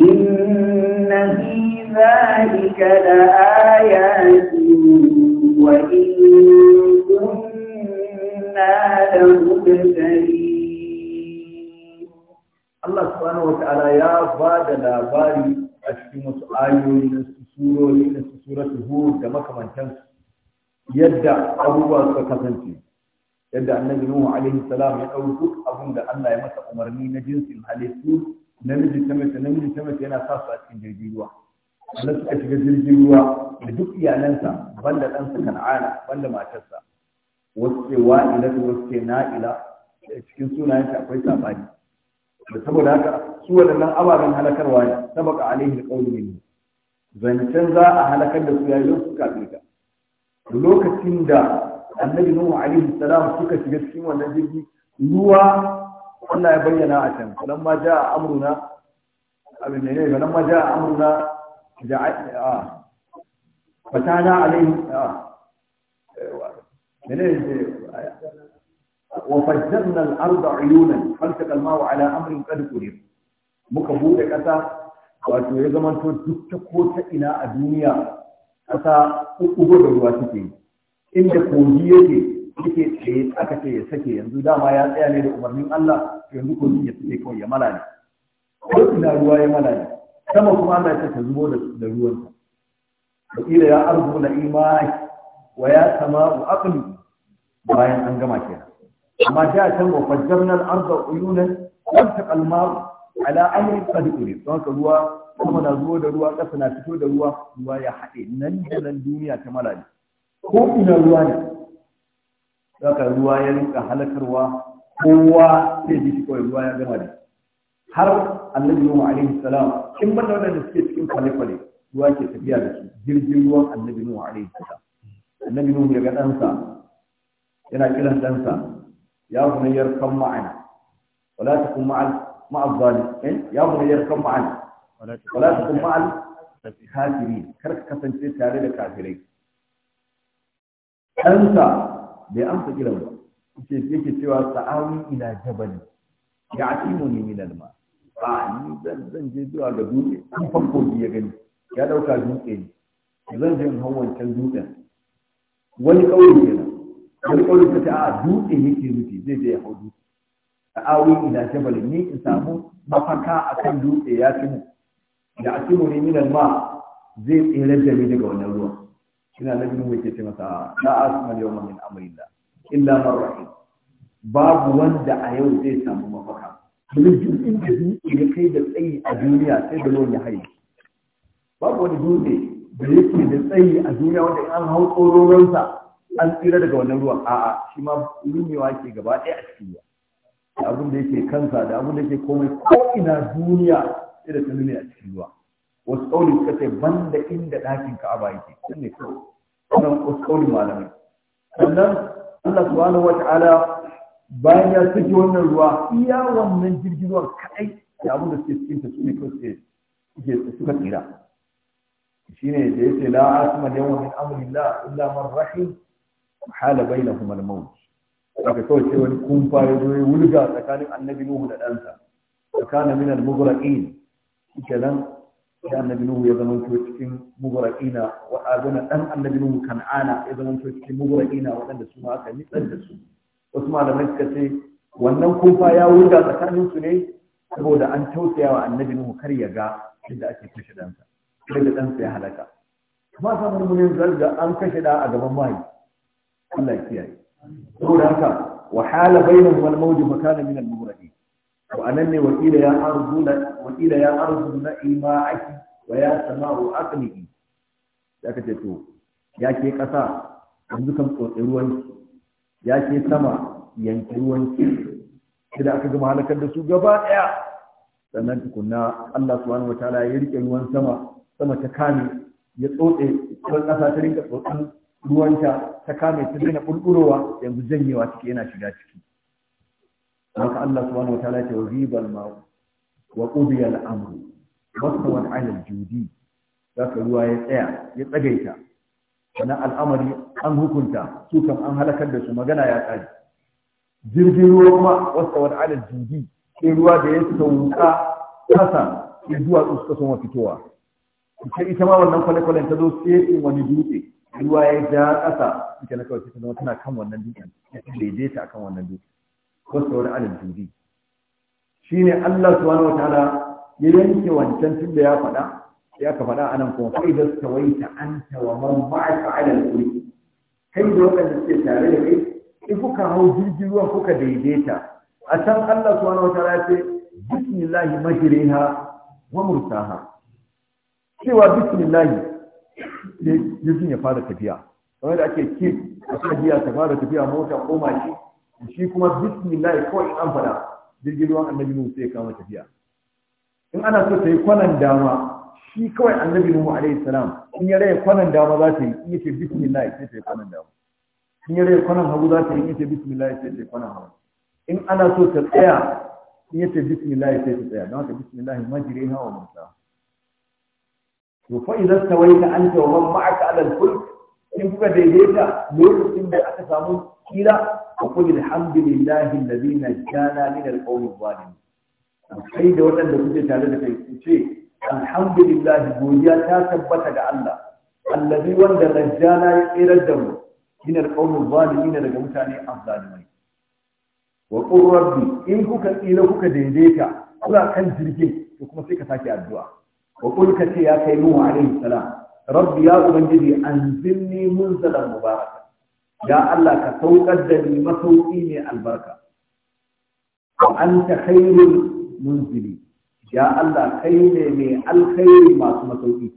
إن في ذلك لآيات وإن كنا لمبتلين الله سبحانه a cikin wasu ayoyi na surori da makamantansu yadda abubuwa suka kasance yadda annabi nuhu alaihi salam ya ɗau duk abin da Allah ya masa umarni na jinsin halittu namiji ta mace namiji ta mace yana sa su a cikin jirgin ruwa Allah suka shiga jirgin ruwa da duk iyalansa banda ɗansa kan'ana banda matarsa wasu ce wa'ila wasu ce na'ila cikin sunayenta akwai sabani da saboda haka su waɗannan ababen halakarwa ne sabaka alaihi alqawlu minni zancen za a halakar da su yayin suka kafirka lokacin da annabi nuhu alaihi salam suka shiga cikin wannan jirgi ruwa wannan ya bayyana a can nan ma ja amruna abin ne ne nan ma ja amruna ja a fatana alaihi a ne ne وفجرنا الأرض عيونا فالتقى الماء على أمر قد قدر muka buɗe ƙasa wato ya zamanto duk ta ko ta ina a duniya kasa ugo da ruwa take yi inda kogi yake yake tsaye aka ce ya sake yanzu dama ya tsaya ne da umarnin Allah yanzu kogi ya sake kawai ya malale ko ina ruwa ya malale sama kuma Allah ya ta zubo da ruwan sa wakila ya arzu na imani wa ya wa aqli bayan an gama kenan amma da can wa fajjarna al-ardha uyunan wantaqa al-ma'u ala amrin qad urid don ka ruwa kuma na zuwa da ruwa kasa na fito da ruwa ruwa ya haɗe nan da nan duniya ta malale ko ina ruwa ne Za ka ruwa ya rinka halakarwa kowa sai ji kawai ruwa ya gama da har annabi Nuhu alaihi salam in banda wadanda suke cikin kwale-kwale ruwa ke tafiya da su jirgin ruwan annabi Nuhu alaihi salam annabi Nuhu ya ga ɗansa yana kiran ɗansa ya kuma yarkan ma'ana wala ta kuma ma'al zalim eh, ya kuma yarkan ma'ana wala ta kuma ma'al kafirin kar ka kasance tare da kafirai ɗansa bai amsa kiran ba ce yake cewa sa'awi ila jabali ya atimu ni min alma a ni zan zan je zuwa ga dutse an fanko ya gani ya dauka dutse ne zan je in hau wancan dutsen wani kauri na, wani kauri ta ce a dutse yake rufe zai je ya hau dutse sa'awi ila jabali ni in samu mafaka akan dutse ya fi mu ya atimu ni min alma zai tsere da ni daga wannan ruwan ina na biyu yake ce masa la asma yawma min amrillah illa man babu wanda a yau zai samu mafaka domin jirgin da dutse ya kai da tsayi a duniya sai da ruwan ya babu wani dole da yake da tsayi a duniya wanda in an hau tsororonsa an tsira daga wannan ruwan a'a shi ma ke gaba ɗaya a cikin ruwa da abin da yake kansa da abin da yake komai ko ina duniya sai da ta a cikin ruwa wasu kauli suka ce da inda ɗakin ka'aba yake sun ne kawai wannan wasu kauli malamai sannan Allah subhanahu wa ta'ala bayan ya saki wannan ruwa iya wannan jirgin ruwa kaɗai da abin da suke cikin ta su ne suke suka tsira shine da yace la asma yawma min amrillah illa man rahim hala bainahuma al-maut daga kawai wani kumfa ya zo ya wulga tsakanin annabi nuhu da ɗansa tsakanin min al-mughraqin kenan da annabi nuhu ya zama to cikin mubarakina wa azana dan annabi nuhu kan'ana ya zama to cikin mubarakina waɗanda su ma aka nitsar da su wasu malamai suka ce wannan kofa ya wurga tsakanin su ne saboda an tausaya wa annabi nuhu kar ya ga inda ake kashe ɗansa sai da ɗansa ya halaka kuma samun munin zarga an kashe da a gaban mahi Allah ya kiyaye saboda haka wa hala bainahum al-mawj makana min al-mubarak وأنني ne wakila ya arzuna wakila ya arzuna ima'aki wa ya sama'u aqlihi da kace to ya ke kasa yanzu kan tsotsi ruwan ya ke sama yanki ruwan da aka gama halakar da su gaba daya sannan tukunna Allah subhanahu wataala ya rike ruwan sama sama ta kame ya tsotse ruwan kasa ta rinka tsotsin ruwanta ta kame ta daina bulburowa yanzu janyewa ciki yana shiga ciki haka Allah subhanahu wa ta'ala ce wa ribal ma wa qudiya al-amr wasawat 'ala al-judi haka ruwa ya tsaya ya tsagaita wannan al'amari an hukunta su kan an halakar da su magana ya tsari jirgin ruwa kuma wasawat 'ala al-judi sai ruwa da ya sauka kasa sai duwatsu suka soma fitowa sai ita ma wannan kwale-kwalen ta zo sai wani dutse ruwa ya ja kasa ita na kawai ta zama tana kan wannan dutsen ta daidaita akan wannan dutsen wasu wani alal shi ne Allah Wata wataala ya yanke wancan tun da ya faɗa ya ka faɗa anan kuma kai da tawaita anta wa man ma'aka alal kulli kai da wakan waɗanda suke tare da kai in kuka hau jirgin ruwan kuka daidaita a can Allah Wata wataala ya ce bismillahi majriha wa mursaha cewa bismillahi ne jirgin ya fara tafiya kamar da ake kif a sa giya ta fara tafiya mota koma shi. shi kuma bismillah kawai an fada jirgin ruwan annabi nuhu sai ya kama tafiya in ana so ta yi kwanan dama shi kawai annabi nuhu alayhi salam in ya raya kwanan dama za ta yi in ya ce bismillah sai ta yi kwanan dama in ya raya kwanan hagu za ta yi in ce bismillah sai ta yi kwanan hagu in ana so ta tsaya in ya ce bismillah sai ta tsaya don haka bismillah na wa mursaha to fa idan tawaita anta wa man ma'aka ma'aikatan al-fulk in kuka daidaita lokacin da aka samu kira a kuma alhamdulillahi allazi na jana min gwani. zalim kai da waɗanda kuke tare da kai ku ce alhamdulillahi godiya ta tabbata ga Allah allazi wanda najjana ya tsirar da mu min gwani ina daga mutane zalimai wa qur rabbi in kuka tsira kuka daidaita kuna kan jirgin to kuma sai ka sake addu'a wa qul ce ya kai nuhu alaihi salam rabbi ya ubangiji anzilni munzalan mubaraka ya Allah ka saukar da ni masauki ne albarka wa ta khairul munzili ya Allah kai ne mai alkhairi masu masauki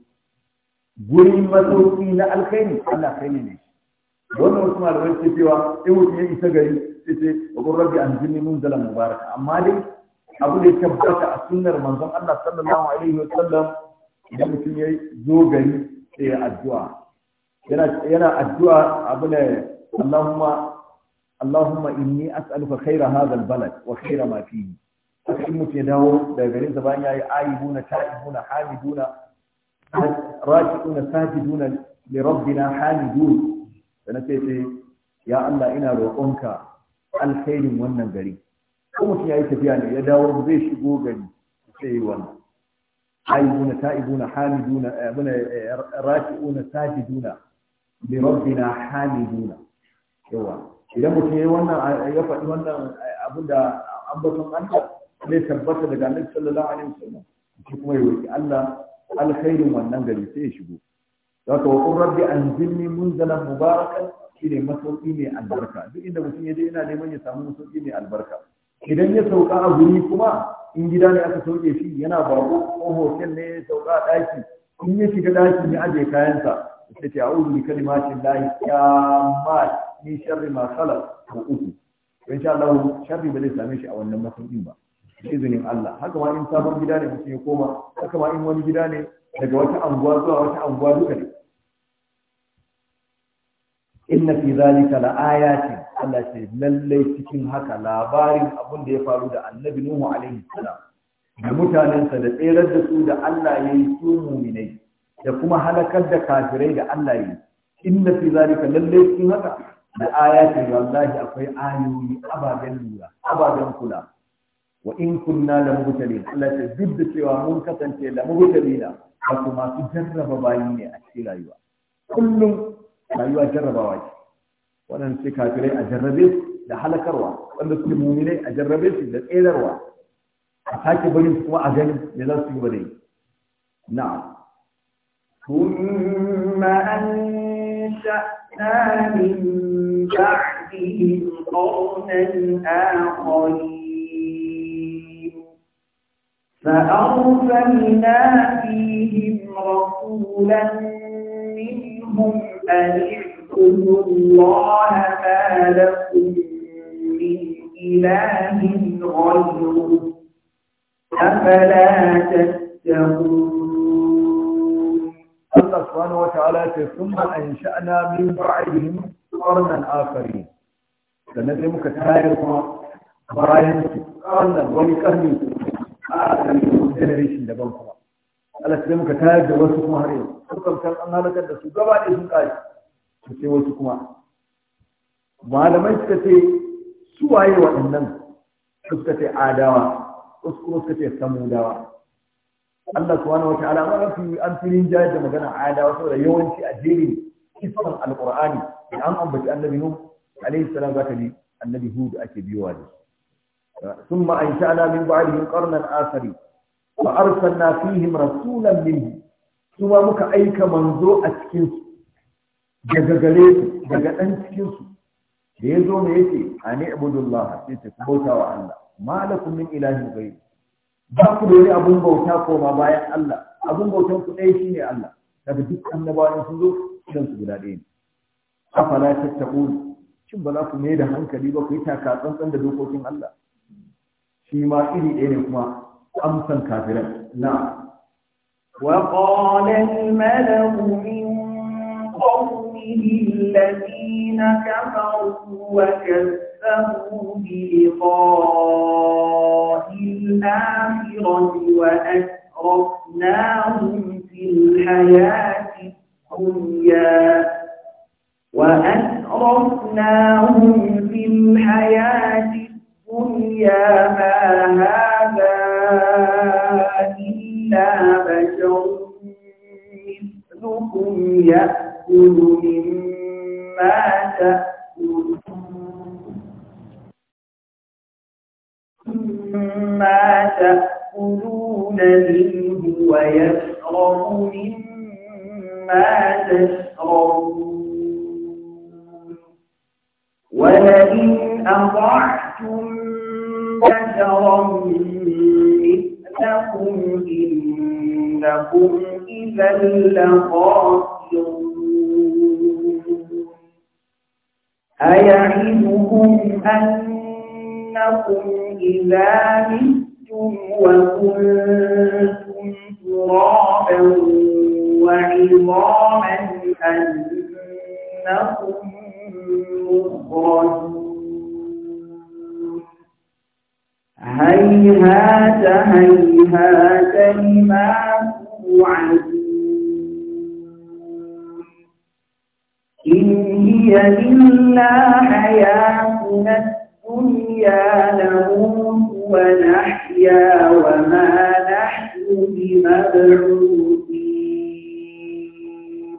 guri masauki na alkhairi Allah kai ne ne wannan wasu malamai ke cewa in mutum ya isa gari sai ce wa kun rabbi an jinni munzalan mubaraka amma dai abu da ya tabbata a sunnar manzon Allah sallallahu alaihi wa sallam idan mutum ya zo gari sai addu'a yana addu'a abin Allahumma Allahumma inni as'aluka khaira hadha albalad wa khaira ma fihi sai mutum ya dawo daga garin sa bayan yayi aibuna ta'ibuna hamiduna raki'una sajiduna li rabbina hamidun sannan sai sai ya Allah ina roƙonka alkhairin wannan gari ko mutum yayi tafiya ne ya dawo zai shigo gari sai wannan عايبون تائبون حامدون أبنا راكعون ساجدون لربنا حامدون يوا idan mutum ya yi wannan ya faɗi wannan abin da ambaton Allah zai tabbata daga Annabi sallallahu alaihi wasallam shi kuma ya roki Allah alkhairin wannan gari sai ya shigo zaka wa qur rabbi anzilni munzalan mubarakan shine masauki ne albarka duk inda mutum ya je yana neman ya samu masauki ne albarka idan ya sauka a guri kuma in gida ne aka sauke shi yana bako ko hotel ne ya sauka a ɗaki in ya shiga ɗaki ya aje kayansa ya ce a'udhu bi kalimatin lahi ma ni sharri ma khalaq ko uku sha Allah sharri ba zai same shi a wannan masaukin ba izinin Allah haka ma in sabon gida ne mutum ya koma haka ma in wani gida ne daga wata anguwa zuwa wata anguwa duka ne inna fi zalika la ayatin Allah ce lallai cikin haka labarin abin da ya faru da annabi Nuhu alaihi salam da mutanensa da tserar da su da Allah ya yi su muminai da kuma halakar da kafirai da Allah ya yi inna fi zalika lallai cikin haka da ayatin wallahi akwai ayoyi ababen lura ababen kula wa in kunna la mubtalin Allah ce duk da cewa mun kasance la mubtalina wato masu jarraba bayi ne a cikin rayuwa kullum rayuwa jarrabawa ce waɗanda suke kafirai a jarrabe su da halakarwa wanda suke muminai a jarrabe su da tsedarwa a sake barin su kuma a gani me za su yi ba dai na'am ثم أنشأنا من بعدهم قرنا آخرين فأرسلنا فيهم رسولا منهم أن واذكروا الله ما لكم من إله غيره أفلا تتقون الله سبحانه وتعالى ثم أنشأنا من بعدهم قرنا آخرين سنزمك تاير براين قرنا ولقرن آخر جنريشن دبل الله سبحانه وتعالى wasu kuma har yau sukan kan an halakar da su gaba ɗaya sun ƙari to sai wasu kuma malamai suka ce su waye waɗannan suka ce adawa wasu kuma suka ce samudawa Allah subhanahu wataala ma rafi an filin jayar da magana adawa saboda yawanci a jerin kisan alqur'ani da an ambaci annabi nuh alaihi salam zaka ji annabi hud ake biyowa da ثم أنشأنا من بعدهم قرنا آخرين فأرسلنا فيهم رسولا منهم ثم مك أيك منزوء أتكنسوا daga gare su daga ɗan cikinsu da ya zo mai yake a ne abudullah sai ta bauta wa Allah malakum min ilahin ghayr ba ku da wani abun bauta ko ma bayan Allah abun bautan ku ɗaya shine Allah daga duk annabawan sun zo idan su guda ɗaya ne afala tattaqun shin ba za ku mai da hankali ba ku yi taka tsantsan da dokokin Allah shi ma iri ɗaya ne kuma amsan kafiran na وقال الملأ من قومه الذين كفروا وكذبوا بلقاء الآخرة وأسرفناهم في الحياة الدنيا وأسرفناهم في الحياة الدنيا ما هذا إلا بشر مثلكم يأتي يأكل مما تأكلون مما تأكلون منه ويشرب مما تشربون ولئن أضعتم بشرا مثلكم إنكم إذا لخاسرون أيعدكم أنكم إذا متم وكنتم ترابا وعظاما أنكم مخرجون هيهات هيهات لما توعدون إن هي إلا حياتنا الدنيا نموت ونحيا وما نحن بمبعوثين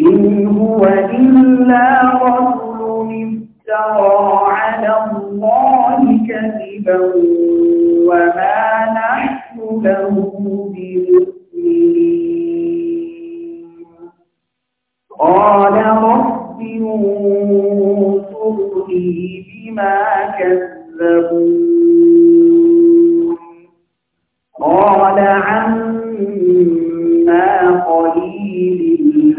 إن هو إلا رجل افترى على الله كذبا وما نحن له بمؤمنين قال رب انصرني بما كذبون قال عما قليل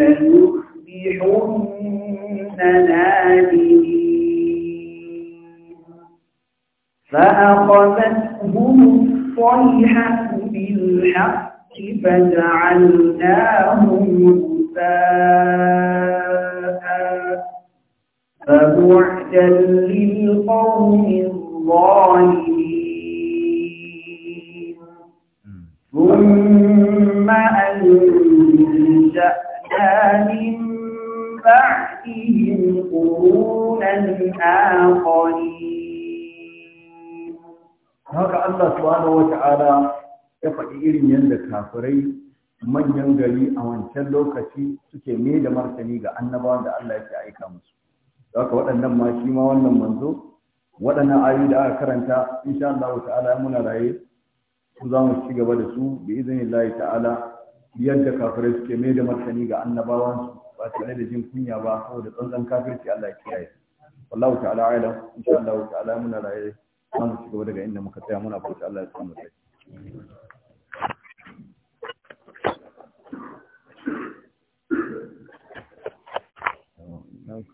لنخبحن نادمين فأخذتهم الصيحة بالحق فجعلناهم فبعدا آيَةٍ للقوم الظالمين ثم أنشأنا من بعدهم قرونا آخرين هذا الله سبحانه وتعالى ya faɗi irin yadda manyan gari a wancan lokaci suke ne da martani ga annabawan da Allah yake aika musu haka waɗannan ma shi ma wannan manzo waɗannan ayoyi da aka karanta insha Allah ta'ala muna raye su za mu ci gaba da su bi iznillahi ta'ala yadda kafirai suke ne da martani ga annabawan su ba tare da jin kunya ba saboda tsantsan kafirci Allah ya kiyaye wallahu ta'ala a'lam insha Allah ta'ala muna raye za mu ci gaba daga inda muka tsaya muna fata Allah ya samu dace Não بسم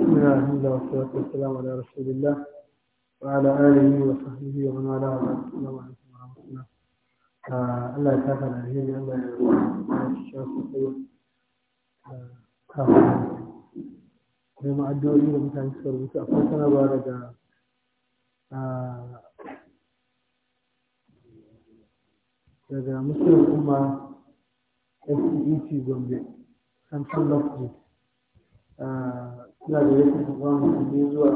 الله والصلاة والسلام على رسول الله وعلى آله وصحبه ومن والاه السلام عليكم ورحمة الله آه، الله يتعافى العافية الله يشفي sai ma addu'o'i da mutane suka rubuta akwai sanarwa daga daga musulun kuma fcec e gombe central mosque suna da yake kuma musulmi zuwa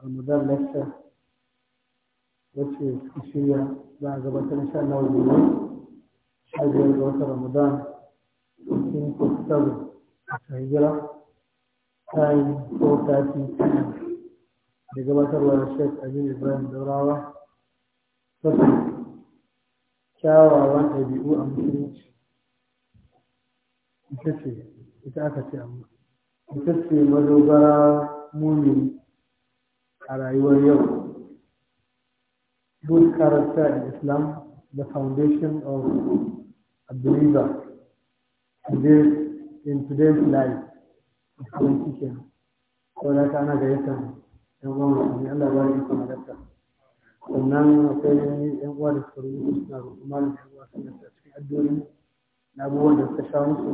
ramadan lecture wacce suka shirya za a gabatar sha na gobe sha biyar ga watan ramadan 15 a hijira ta yi ko ta fi da gabatarwa da shek abin ibrahim daurawa sassan kyawawan ɗabi'u a musulunci ita ce ita aka ce amma ita ce madogara mumini a rayuwar yau good character in islam the foundation of a believer and in today's life kuma cikin ko da kana ga yasa dan uwan musulmi Allah ya yi kuma da sannan akwai yan uwa da suka rubuta suna rubuta da yan uwa suna da cikin addu'o'i na abubuwan da suka sha musu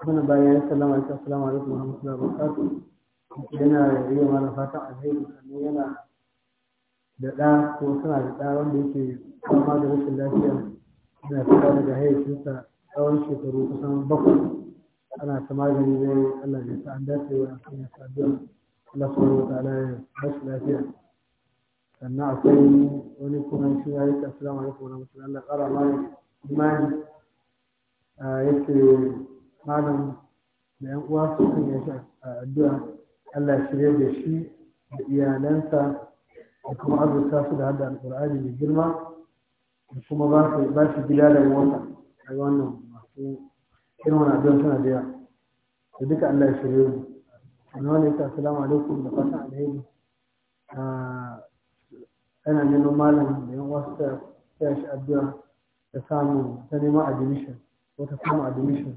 kuma bayan ya sallama ya sallama alaikum wa rahmatullahi wa barakatuh yana yi mana fatan alheri sannan yana da ɗa ko suna da ɗa wanda yake fama da rashin lafiya yana fita daga hayyacinsa tsawon shekaru kusan bakwai ana ta magani zai Allah ya sa an dace wa an ya sa Allah subhanahu wa ta'ala ya bashi lafiya sannan akwai wani kuma shi ya yi assalamu alaikum wa rahmatullahi Allah ƙara ma imani yake malam da yan uwa su kan yashi a addu'a Allah ya shirye da shi da iyalansa da kuma azurta su da hada alƙur'ani da girma da kuma ba shi gida da mota a wannan masu irin wani addu'a suna da yawa duka Allah ya shirye mu sannan wani yake assalamu alaikum da fatan alheri ah, ana neman malam da yan wasu ta ya shi addu'a ta samu ta neman admission ko ta samu admission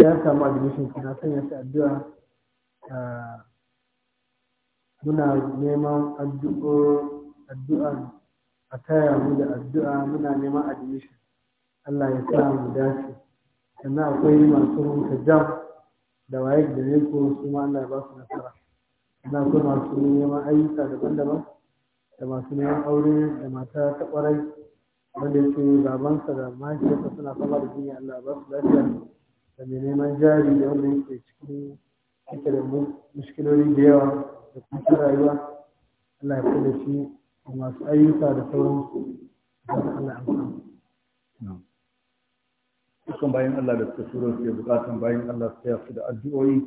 ya samu admission kana son ya shi addu'a ah, muna neman addu'a a taya mu da addu'a muna neman admission Allah ya sa mu dace sannan akwai masu jam da waye da ne ko su ma Allah ya ba su nasara sannan akwai masu neman ayyuka daban-daban da masu neman aure da mata ta kwarai wanda ya ce babansa da mahaifiyarsa suna fama da jini, Allah ba su lafiya da mai neman jari da wanda yake cikin yake da mushkiloli da yawa da kuma rayuwa Allah ya kula shi da masu ayyuka da sauransu da Allah ya amfana. dukkan bayan Allah da suka turo su bukatan bayan Allah su taya su da addu'o'i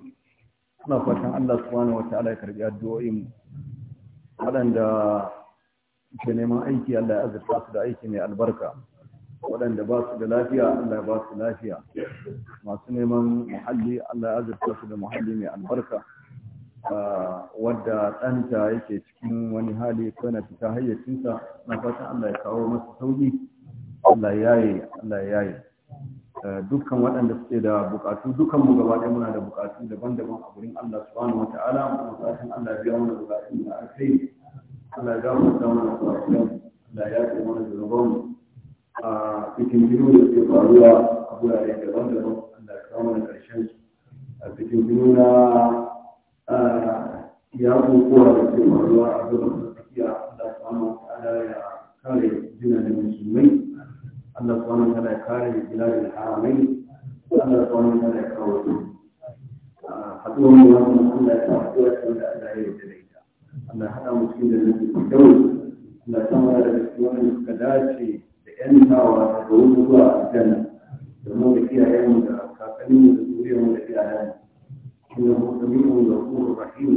suna fatan Allah subhanahu wata'ala ya karbi addu'o'in waɗanda ke neman aiki Allah ya azurta su da aiki mai albarka waɗanda ba su da lafiya Allah ya ba su lafiya masu neman muhalli Allah ya azurta su da muhalli mai albarka ah, wadda ɗanta yake cikin wani hali ko na fita hayyacinsa na fatan Allah ya kawo masa sauki Allah ya yi Allah ya yi Eh, dukkan waɗanda suke da bukatu dukkan mu gaba ɗaya muna da bukatu daban-daban a gurin Allah subhanahu wata'ala mu fatan Allah ya biya mana bukatun da aka Allah ya gafarta mana bukatun Allah ya yi mana zunuban a cikin biyu da ke faruwa a gurare daban-daban Allah ya mana karshen su a cikin biyu na ya kokowa da ke faruwa a gurare da tsakiya Allah subhanahu wata'ala ya kare jinanin musulmai Allah subhanahu wa ta'ala ya kare biladin haramai Allah subhanahu wa ta'ala ya kawo su haduwar mu wannan Allah ya sa haduwar su da Allah ya yarda da ita Allah ya hada mu cikin da nake kyau Allah ya samu da cikin wannan suka dace da yantawa daga wani zuwa aljanna da mu da iyayen mu da kakannin mu da zuriyar mu da iyayen mu innahu sami'un ghafurur rahim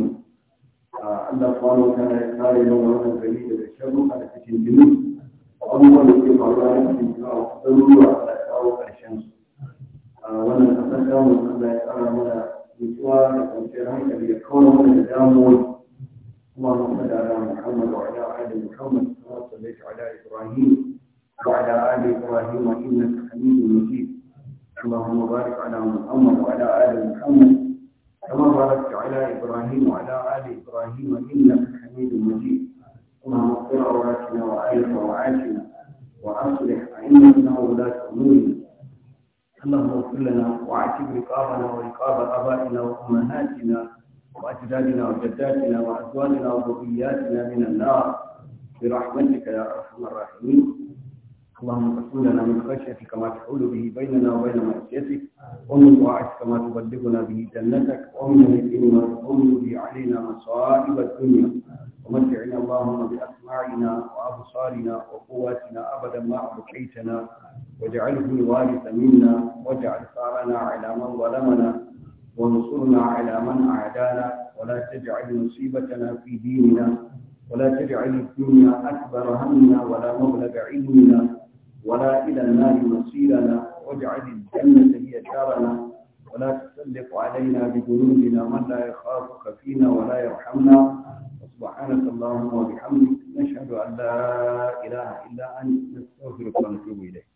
Allah subhanahu wa ta'ala ya kare mu wannan gari daga sharruka da cikin jinin abubuwan da ke faruwa na cikin kawo ɗaruruwa da kawo ƙarshen su wannan kasar samun Allah ya tsara mana mutuwa da kwanciyar hankali da kawo mana da damuwa kuma muhammad ala muhammad wa ala ali muhammad kama sallaita ala ibrahim wa ala ali ibrahim innaka hamidun majid اللهم بارك على محمد وعلى ال محمد كما باركت على ابراهيم وعلى ال ابراهيم انك حميد مجيد اللهم اغفر عوراتنا وآية روعاتنا وأصلح أئمتنا ولاة أمورنا اللهم اغفر لنا وعاتب رقابنا ورقاب آبائنا وأمهاتنا وأجدادنا وجداتنا وأزواجنا وذرياتنا من النار برحمتك يا أرحم الراحمين اللهم اقسم لنا من خشيتك ما تحول به بيننا وبين معصيتك ومن طاعتك ما تبلغنا به جنتك ومن اليقين ما تحول به علينا مصائب الدنيا ومتعنا اللهم باسماعنا وابصارنا وقواتنا ابدا ما ابقيتنا واجعله وارثا منا واجعل ثارنا على من ظلمنا وانصرنا على من اعدانا ولا تجعل مصيبتنا في ديننا ولا تجعل الدنيا اكبر همنا ولا مبلغ علمنا ولا إلى النار مصيرنا واجعل الجنة هي دارنا ولا تسلط علينا بذنوبنا من لا يخافك فينا ولا يرحمنا سبحانك اللهم وبحمدك نشهد أن لا إله إلا أنت نستغفرك ونتوب إليك